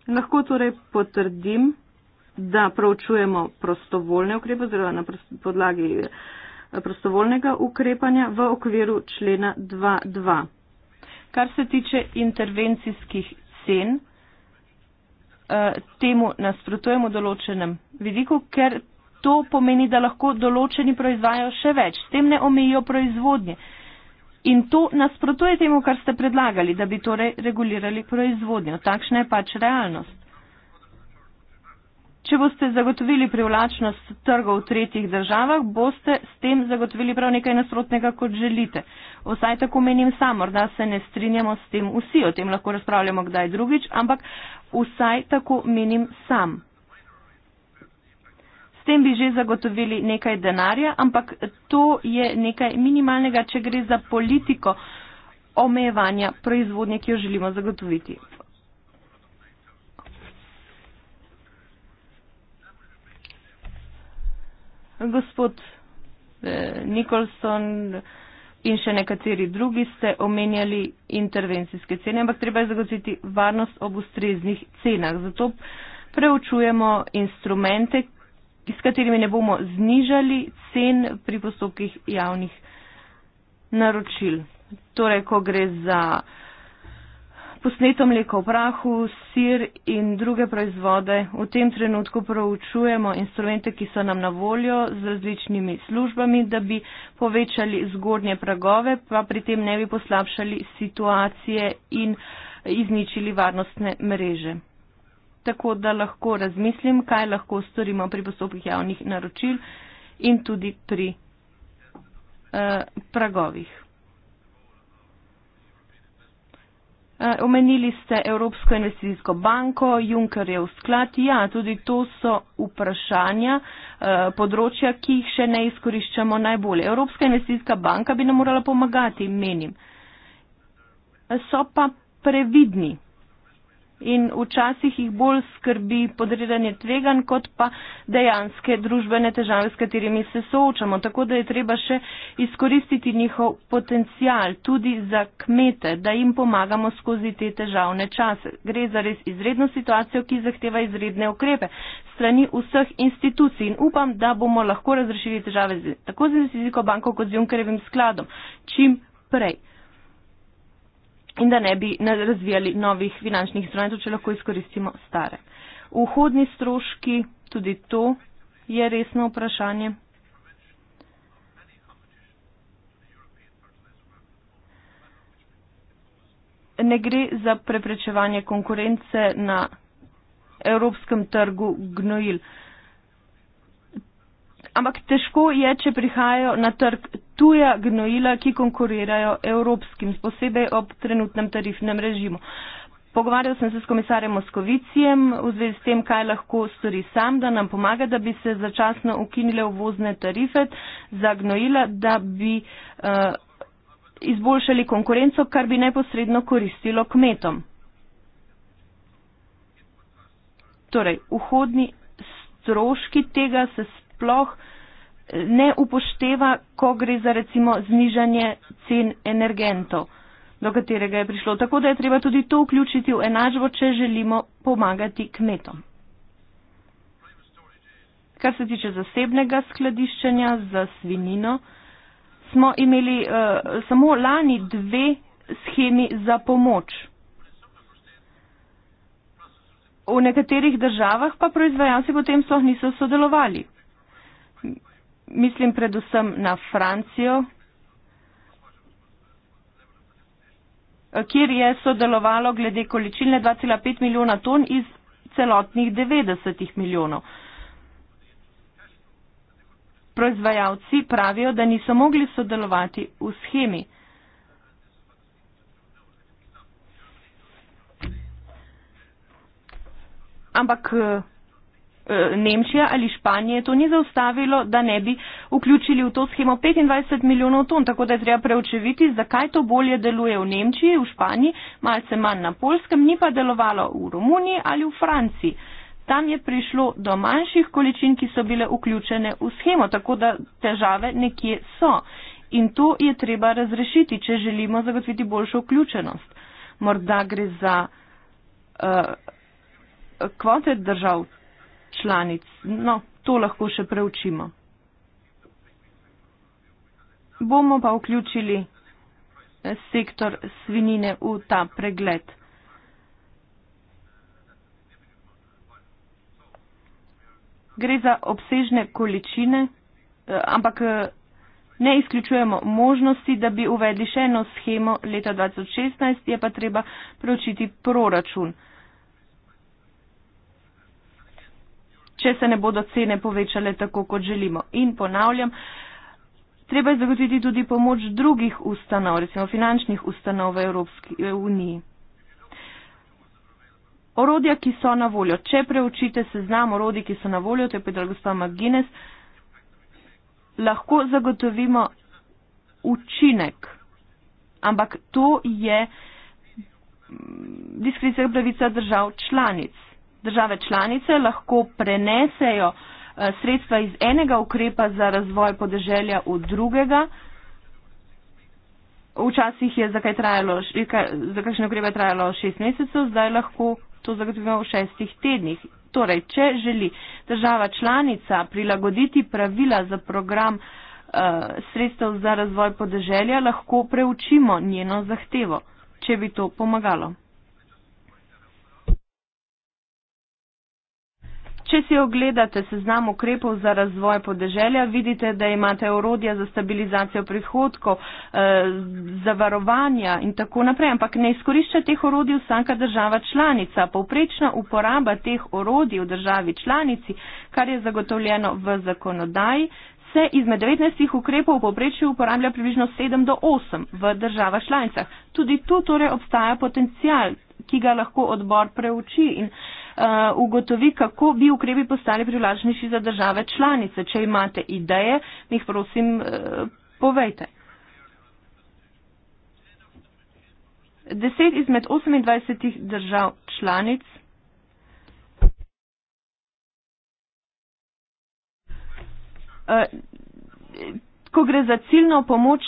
Lahko torej potrdim, da pravčujemo prostovoljne ukrepe oziroma na podlagi eh, prostovoljnega ukrepanja v okviru člena 2.2. Kar se tiče intervencijskih cen, eh, temu nasprotujemo določenem vidiku, ker To pomeni, da lahko določeni proizvajajo še več, s tem ne omejijo proizvodnje. In to nasprotuje temu, kar ste predlagali, da bi torej regulirali proizvodnjo. Takšna je pač realnost. Če boste zagotovili privlačnost trgov v tretjih državah, boste s tem zagotovili prav nekaj nasprotnega, kot želite. Vsaj tako menim sam, morda se ne strinjamo s tem vsi, o tem lahko razpravljamo kdaj drugič, ampak vsaj tako menim sam tem bi že zagotovili nekaj denarja, ampak to je nekaj minimalnega, če gre za politiko omejevanja proizvodnje, ki jo želimo zagotoviti. Gospod eh, Nikolson in še nekateri drugi ste omenjali intervencijske cene, ampak treba je zagotoviti varnost ob ustreznih cenah. Zato preučujemo instrumente, s katerimi ne bomo znižali cen pri postopkih javnih naročil. Torej, ko gre za posneto mleko v prahu, sir in druge proizvode, v tem trenutku proučujemo instrumente, ki so nam na voljo z različnimi službami, da bi povečali zgornje pragove, pa pri tem ne bi poslabšali situacije in izničili varnostne mreže tako da lahko razmislim, kaj lahko storimo pri postopkih javnih naročil in tudi pri eh, pragovih. Eh, omenili ste Evropsko investicijsko banko, Junckerjev sklad. Ja, tudi to so vprašanja, eh, področja, ki jih še ne izkoriščamo najbolje. Evropska investicijska banka bi nam morala pomagati, menim. So pa previdni in včasih jih bolj skrbi podrejanje tvegan, kot pa dejanske družbene težave, s katerimi se soočamo. Tako da je treba še izkoristiti njihov potencial tudi za kmete, da jim pomagamo skozi te težavne čase. Gre za res izredno situacijo, ki zahteva izredne ukrepe strani vseh institucij in upam, da bomo lahko razrešili težave tako z Zizikobanko kot z Junkerjevim skladom čim prej in da ne bi razvijali novih finančnih instrumentov, če lahko izkoristimo stare. Vhodni stroški, tudi to je resno vprašanje. Ne gre za preprečevanje konkurence na evropskem trgu gnojil. Uh, ampak težko je, če prihajajo na trg tuja gnojila, ki konkurirajo evropskim, posebej ob trenutnem tarifnem režimu. Pogovarjal sem se s komisarjem Moskovicijem v zvezi s tem, kaj lahko stori sam, da nam pomaga, da bi se začasno ukinile uvozne tarife za gnojila, da bi uh, izboljšali konkurenco, kar bi neposredno koristilo kmetom. Torej, vhodni stroški tega se spremljajo sploh ne upošteva, ko gre za recimo znižanje cen energentov, do katerega je prišlo. Tako da je treba tudi to vključiti v enačbo, če želimo pomagati kmetom. Kar se tiče zasebnega skladiščenja za svinino, smo imeli uh, samo lani dve schemi za pomoč. V nekaterih državah pa proizvajalci potem sploh niso sodelovali mislim predvsem na Francijo, kjer je sodelovalo glede količine 2,5 milijona ton iz celotnih 90 milijonov. Proizvajalci pravijo, da niso mogli sodelovati v schemi. Ampak eh, Eh, Nemčija ali Španije to ni zaustavilo, da ne bi vključili v to schemo 25 milijonov ton. Tako da je treba preučeviti, zakaj to bolje deluje v Nemčiji, v Španiji, malce manj na Polskem, ni pa delovalo v Romuniji ali v Franciji. Tam je prišlo do manjših količin, ki so bile vključene v schemo, tako da težave nekje so. In to je treba razrešiti, če želimo zagotoviti boljšo vključenost. Morda gre za uh, kvote držav članic. No, to lahko še preučimo. Bomo pa vključili eh, sektor svinine v ta pregled. Gre za obsežne količine, eh, ampak eh, ne izključujemo možnosti, da bi uvedli še eno schemo leta 2016, je pa treba preučiti proračun. če se ne bodo cene povečale tako, kot želimo. In ponavljam, treba je zagotoviti tudi pomoč drugih ustanov, recimo finančnih ustanov v Evropski uniji. Orodja, ki so na voljo. Če preučite seznam orodij, ki so na voljo, to je pa gospa McGuinness, lahko zagotovimo učinek. Ampak to je diskrecijska pravica držav članic države članice lahko prenesejo eh, sredstva iz enega ukrepa za razvoj podeželja v drugega. Včasih je za, trajalo, za kakšne ukrepe trajalo šest mesecev, zdaj lahko to zagotovimo v šestih tednih. Torej, če želi država članica prilagoditi pravila za program eh, sredstev za razvoj podeželja, lahko preučimo njeno zahtevo, če bi to pomagalo. Če si ogledate seznam ukrepov za razvoj podeželja, vidite, da imate orodja za stabilizacijo prihodkov, eh, zavarovanja in tako naprej, ampak ne izkorišča teh orodij vsaka država članica. Povprečna uporaba teh orodij v državi članici, kar je zagotovljeno v zakonodaji, se izmed 19 ukrepov v povprečju uporablja približno 7 do 8 v država članicah. Tudi tu torej obstaja potencial, ki ga lahko odbor preuči. In, uh, uh, ugotovi, kako bi ukrepi postali privlačnejši za države članice. Če imate ideje, mi jih prosim uh, povejte. Deset izmed 28 držav članic uh, Ko gre za ciljno pomoč,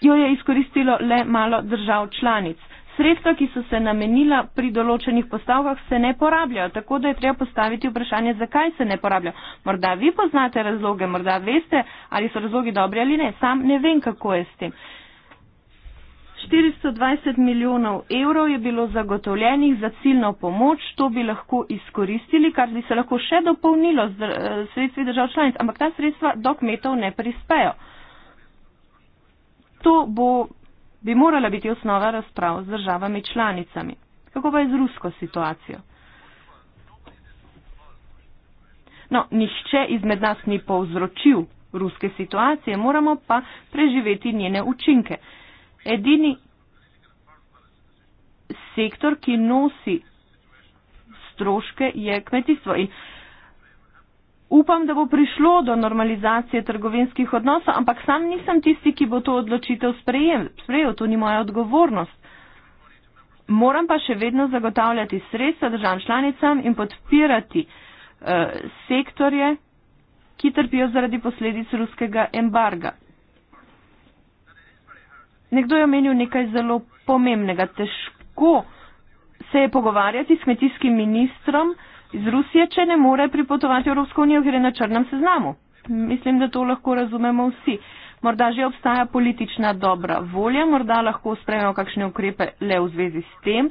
jo je izkoristilo le malo držav članic sredstva, ki so se namenila pri določenih postavkah, se ne porabljajo. Tako da je treba postaviti vprašanje, zakaj se ne porabljajo. Morda vi poznate razloge, morda veste, ali so razlogi dobri ali ne. Sam ne vem, kako je s tem. 420 milijonov evrov je bilo zagotovljenih za ciljno pomoč, to bi lahko izkoristili, kar bi se lahko še dopolnilo z eh, sredstvi držav članic, ampak ta sredstva do kmetov ne prispejo. To bo bi morala biti osnova razprav z državami članicami. Kako pa je z rusko situacijo? No, nihče izmed nas ni povzročil ruske situacije, moramo pa preživeti njene učinke. Edini sektor, ki nosi stroške, je kmetijstvo. In upam, da bo prišlo do normalizacije trgovinskih odnosov, ampak sam nisem tisti, ki bo to odločitev sprejel, to ni moja odgovornost. Moram pa še vedno zagotavljati sredstva državam članicam in podpirati eh, sektorje, ki trpijo zaradi posledic ruskega embarga. Nekdo je omenil nekaj zelo pomembnega. Težko se je pogovarjati s kmetijskim ministrom, iz Rusije, če ne more pripotovati v Evropsko unijo, ker je na črnem seznamu. Mislim, da to lahko razumemo vsi. Morda že obstaja politična dobra volja, morda lahko sprejmemo kakšne ukrepe le v zvezi s tem,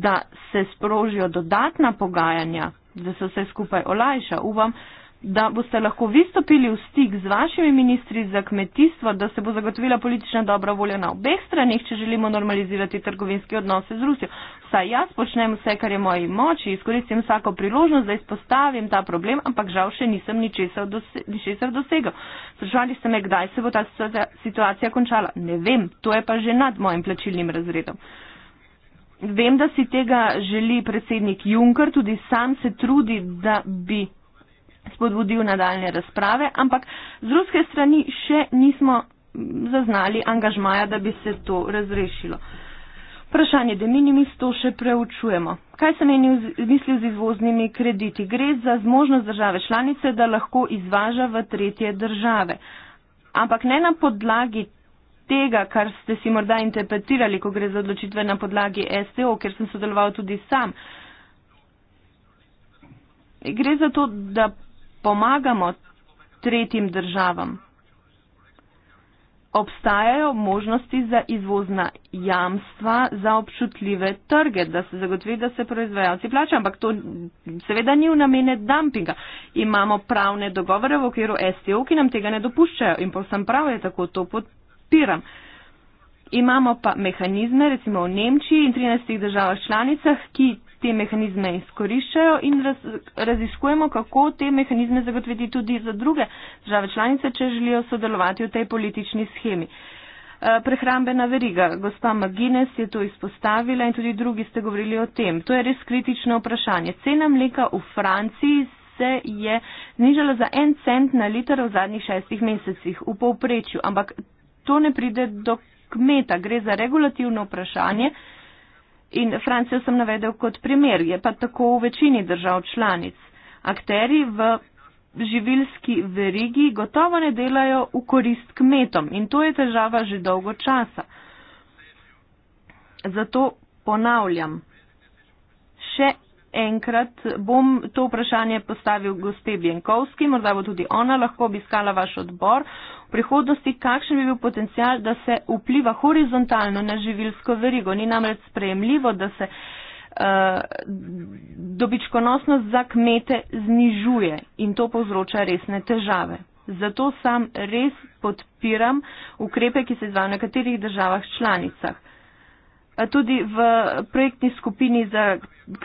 da se sprožijo dodatna pogajanja, da se vse skupaj olajša. Upam, da boste lahko vi stopili v stik z vašimi ministri za kmetijstvo, da se bo zagotovila politična dobra volja na obeh stranih, če želimo normalizirati trgovinske odnose z Rusijo. Saj jaz počnem vse, kar je moji moči, izkoristim vsako priložnost, da izpostavim ta problem, ampak žal še nisem ničesar dosegel. Sprašvali ste me, kdaj se bo ta situacija končala. Ne vem, to je pa že nad mojim plačilnim razredom. Vem, da si tega želi predsednik Juncker, tudi sam se trudi, da bi spodbudil nadaljne razprave, ampak z ruske strani še nismo zaznali angažmaja, da bi se to razrešilo. Vprašanje de minimis to še preučujemo. Kaj se meni misli z izvoznimi krediti? Gre za zmožnost države članice, da lahko izvaža v tretje države. Ampak ne na podlagi tega, kar ste si morda interpretirali, ko gre za odločitve na podlagi STO, ker sem sodeloval tudi sam. Gre za to, da pomagamo tretjim državam. Obstajajo možnosti za izvozna jamstva za občutljive trge, da se zagotovi, da se proizvajalci plačajo, ampak to seveda ni v namene dumpinga. Imamo pravne dogovore v okviru STO, ki nam tega ne dopuščajo in povsem prav je tako, to podpiram. Imamo pa mehanizme, recimo v Nemčiji in 13 državah članicah, ki te mehanizme izkoriščajo in raz, raziskujemo, kako te mehanizme zagotoviti tudi za druge države članice, če želijo sodelovati v tej politični schemi. Eh, prehrambena veriga, gospa Magines je to izpostavila in tudi drugi ste govorili o tem. To je res kritično vprašanje. Cena mleka v Franciji se je znižala za en cent na liter v zadnjih šestih mesecih v povprečju, ampak to ne pride do kmeta. Gre za regulativno vprašanje in Francijo sem navedel kot primer, je pa tako v večini držav članic. Akteri v živilski verigi gotovo ne delajo v korist kmetom in to je težava že dolgo časa. Zato ponavljam, še enkrat bom to vprašanje postavil gospe Bjenkovski, morda bo tudi ona lahko obiskala vaš odbor. V prihodnosti, kakšen bi bil potencial, da se vpliva horizontalno na živilsko verigo? Ni namreč sprejemljivo, da se eh, dobičkonosnost za kmete znižuje in to povzroča resne težave. Zato sam res podpiram ukrepe, ki se izvajo v nekaterih državah članicah. Tudi v projektni skupini za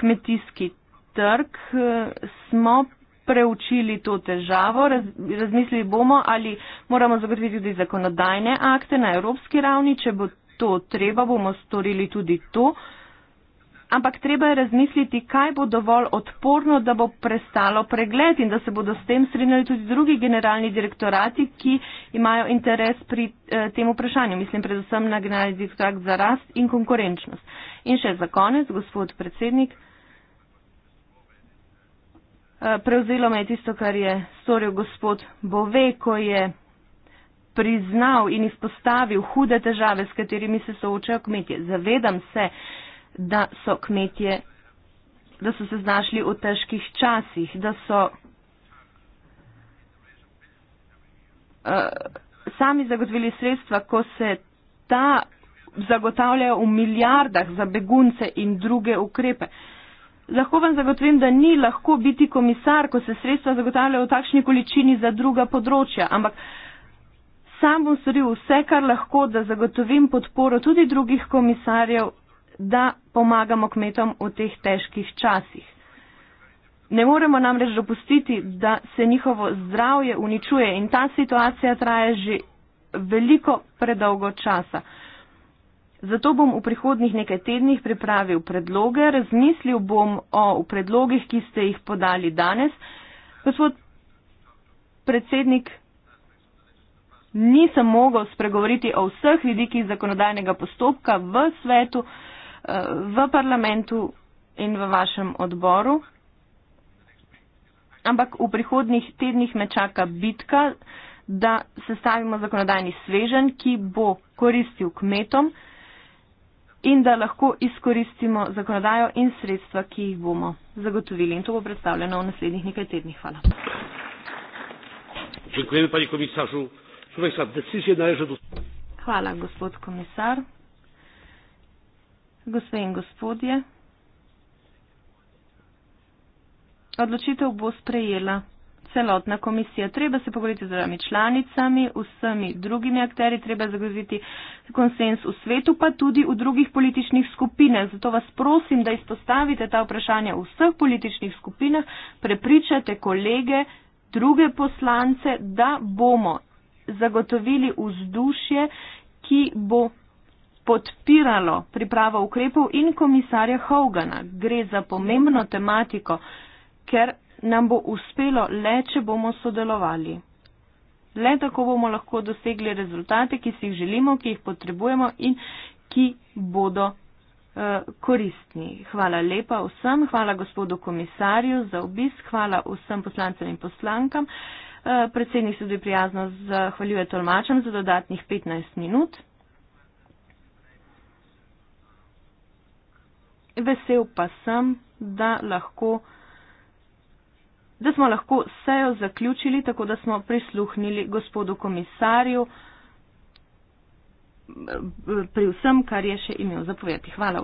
kmetijski trg eh, smo preučili to težavo, raz, razmislili bomo, ali moramo zagotoviti tudi zakonodajne akte na evropski ravni, če bo to treba, bomo storili tudi to. Ampak treba je razmisliti, kaj bo dovolj odporno, da bo prestalo pregled in da se bodo s tem strinjali tudi drugi generalni direktorati, ki imajo interes pri eh, tem vprašanju, mislim predvsem na generalni strah za rast in konkurenčnost. In še za konec, gospod predsednik. Eh, prevzelo me je tisto, kar je storil gospod Bove, ko je priznal in izpostavil hude težave, s katerimi se soočajo kmetje. Zavedam se, da so kmetje, da so se znašli v težkih časih, da so sami zagotovili sredstva, ko se ta zagotavljajo v milijardah za begunce in druge ukrepe. Lahko vam zagotovim, da ni lahko biti komisar, ko se sredstva zagotavljajo v takšni količini za druga področja, ampak sam bom storil vse, kar lahko, da zagotovim podporo tudi drugih komisarjev, da pomagamo kmetom v teh težkih časih. Ne moremo namreč dopustiti, da se njihovo zdravje uničuje in ta situacija traja že veliko predolgo časa. Zato bom v prihodnih nekaj tednih pripravil predloge, razmislil bom o predlogih, ki ste jih podali danes. Gospod predsednik, nisem mogel spregovoriti o vseh vidikih zakonodajnega postopka v svetu, eh, v parlamentu in v vašem odboru ampak v prihodnih tednih me čaka bitka, da sestavimo zakonodajni svežen, ki bo koristil kmetom in da lahko izkoristimo zakonodajo in sredstva, ki jih bomo zagotovili. In to bo predstavljeno v naslednjih nekaj tednih. Hvala. Hvala, gospod komisar. Gospe in gospodje. odločitev bo sprejela celotna komisija. Treba se pogovoriti z vami članicami, vsemi drugimi akteri, treba zagoziti konsens v svetu, pa tudi v drugih političnih skupinah. Zato vas prosim, da izpostavite ta vprašanja v vseh političnih skupinah, prepričate kolege, druge poslance, da bomo zagotovili vzdušje, ki bo podpiralo pripravo ukrepov in komisarja Hogana. Gre za pomembno tematiko ker nam bo uspelo le, če bomo sodelovali. Le tako bomo lahko dosegli rezultate, ki si jih želimo, ki jih potrebujemo in ki bodo uh, koristni. Hvala lepa vsem, hvala gospodu komisarju za obisk, hvala vsem poslancem in poslankam. Uh, predsednik se tudi prijazno zahvaljuje tolmačem za dodatnih 15 minut. Vesel pa sem, da lahko da smo lahko sejo zaključili, tako da smo prisluhnili gospodu komisarju pri vsem, kar je še imel zapovedati. Hvala.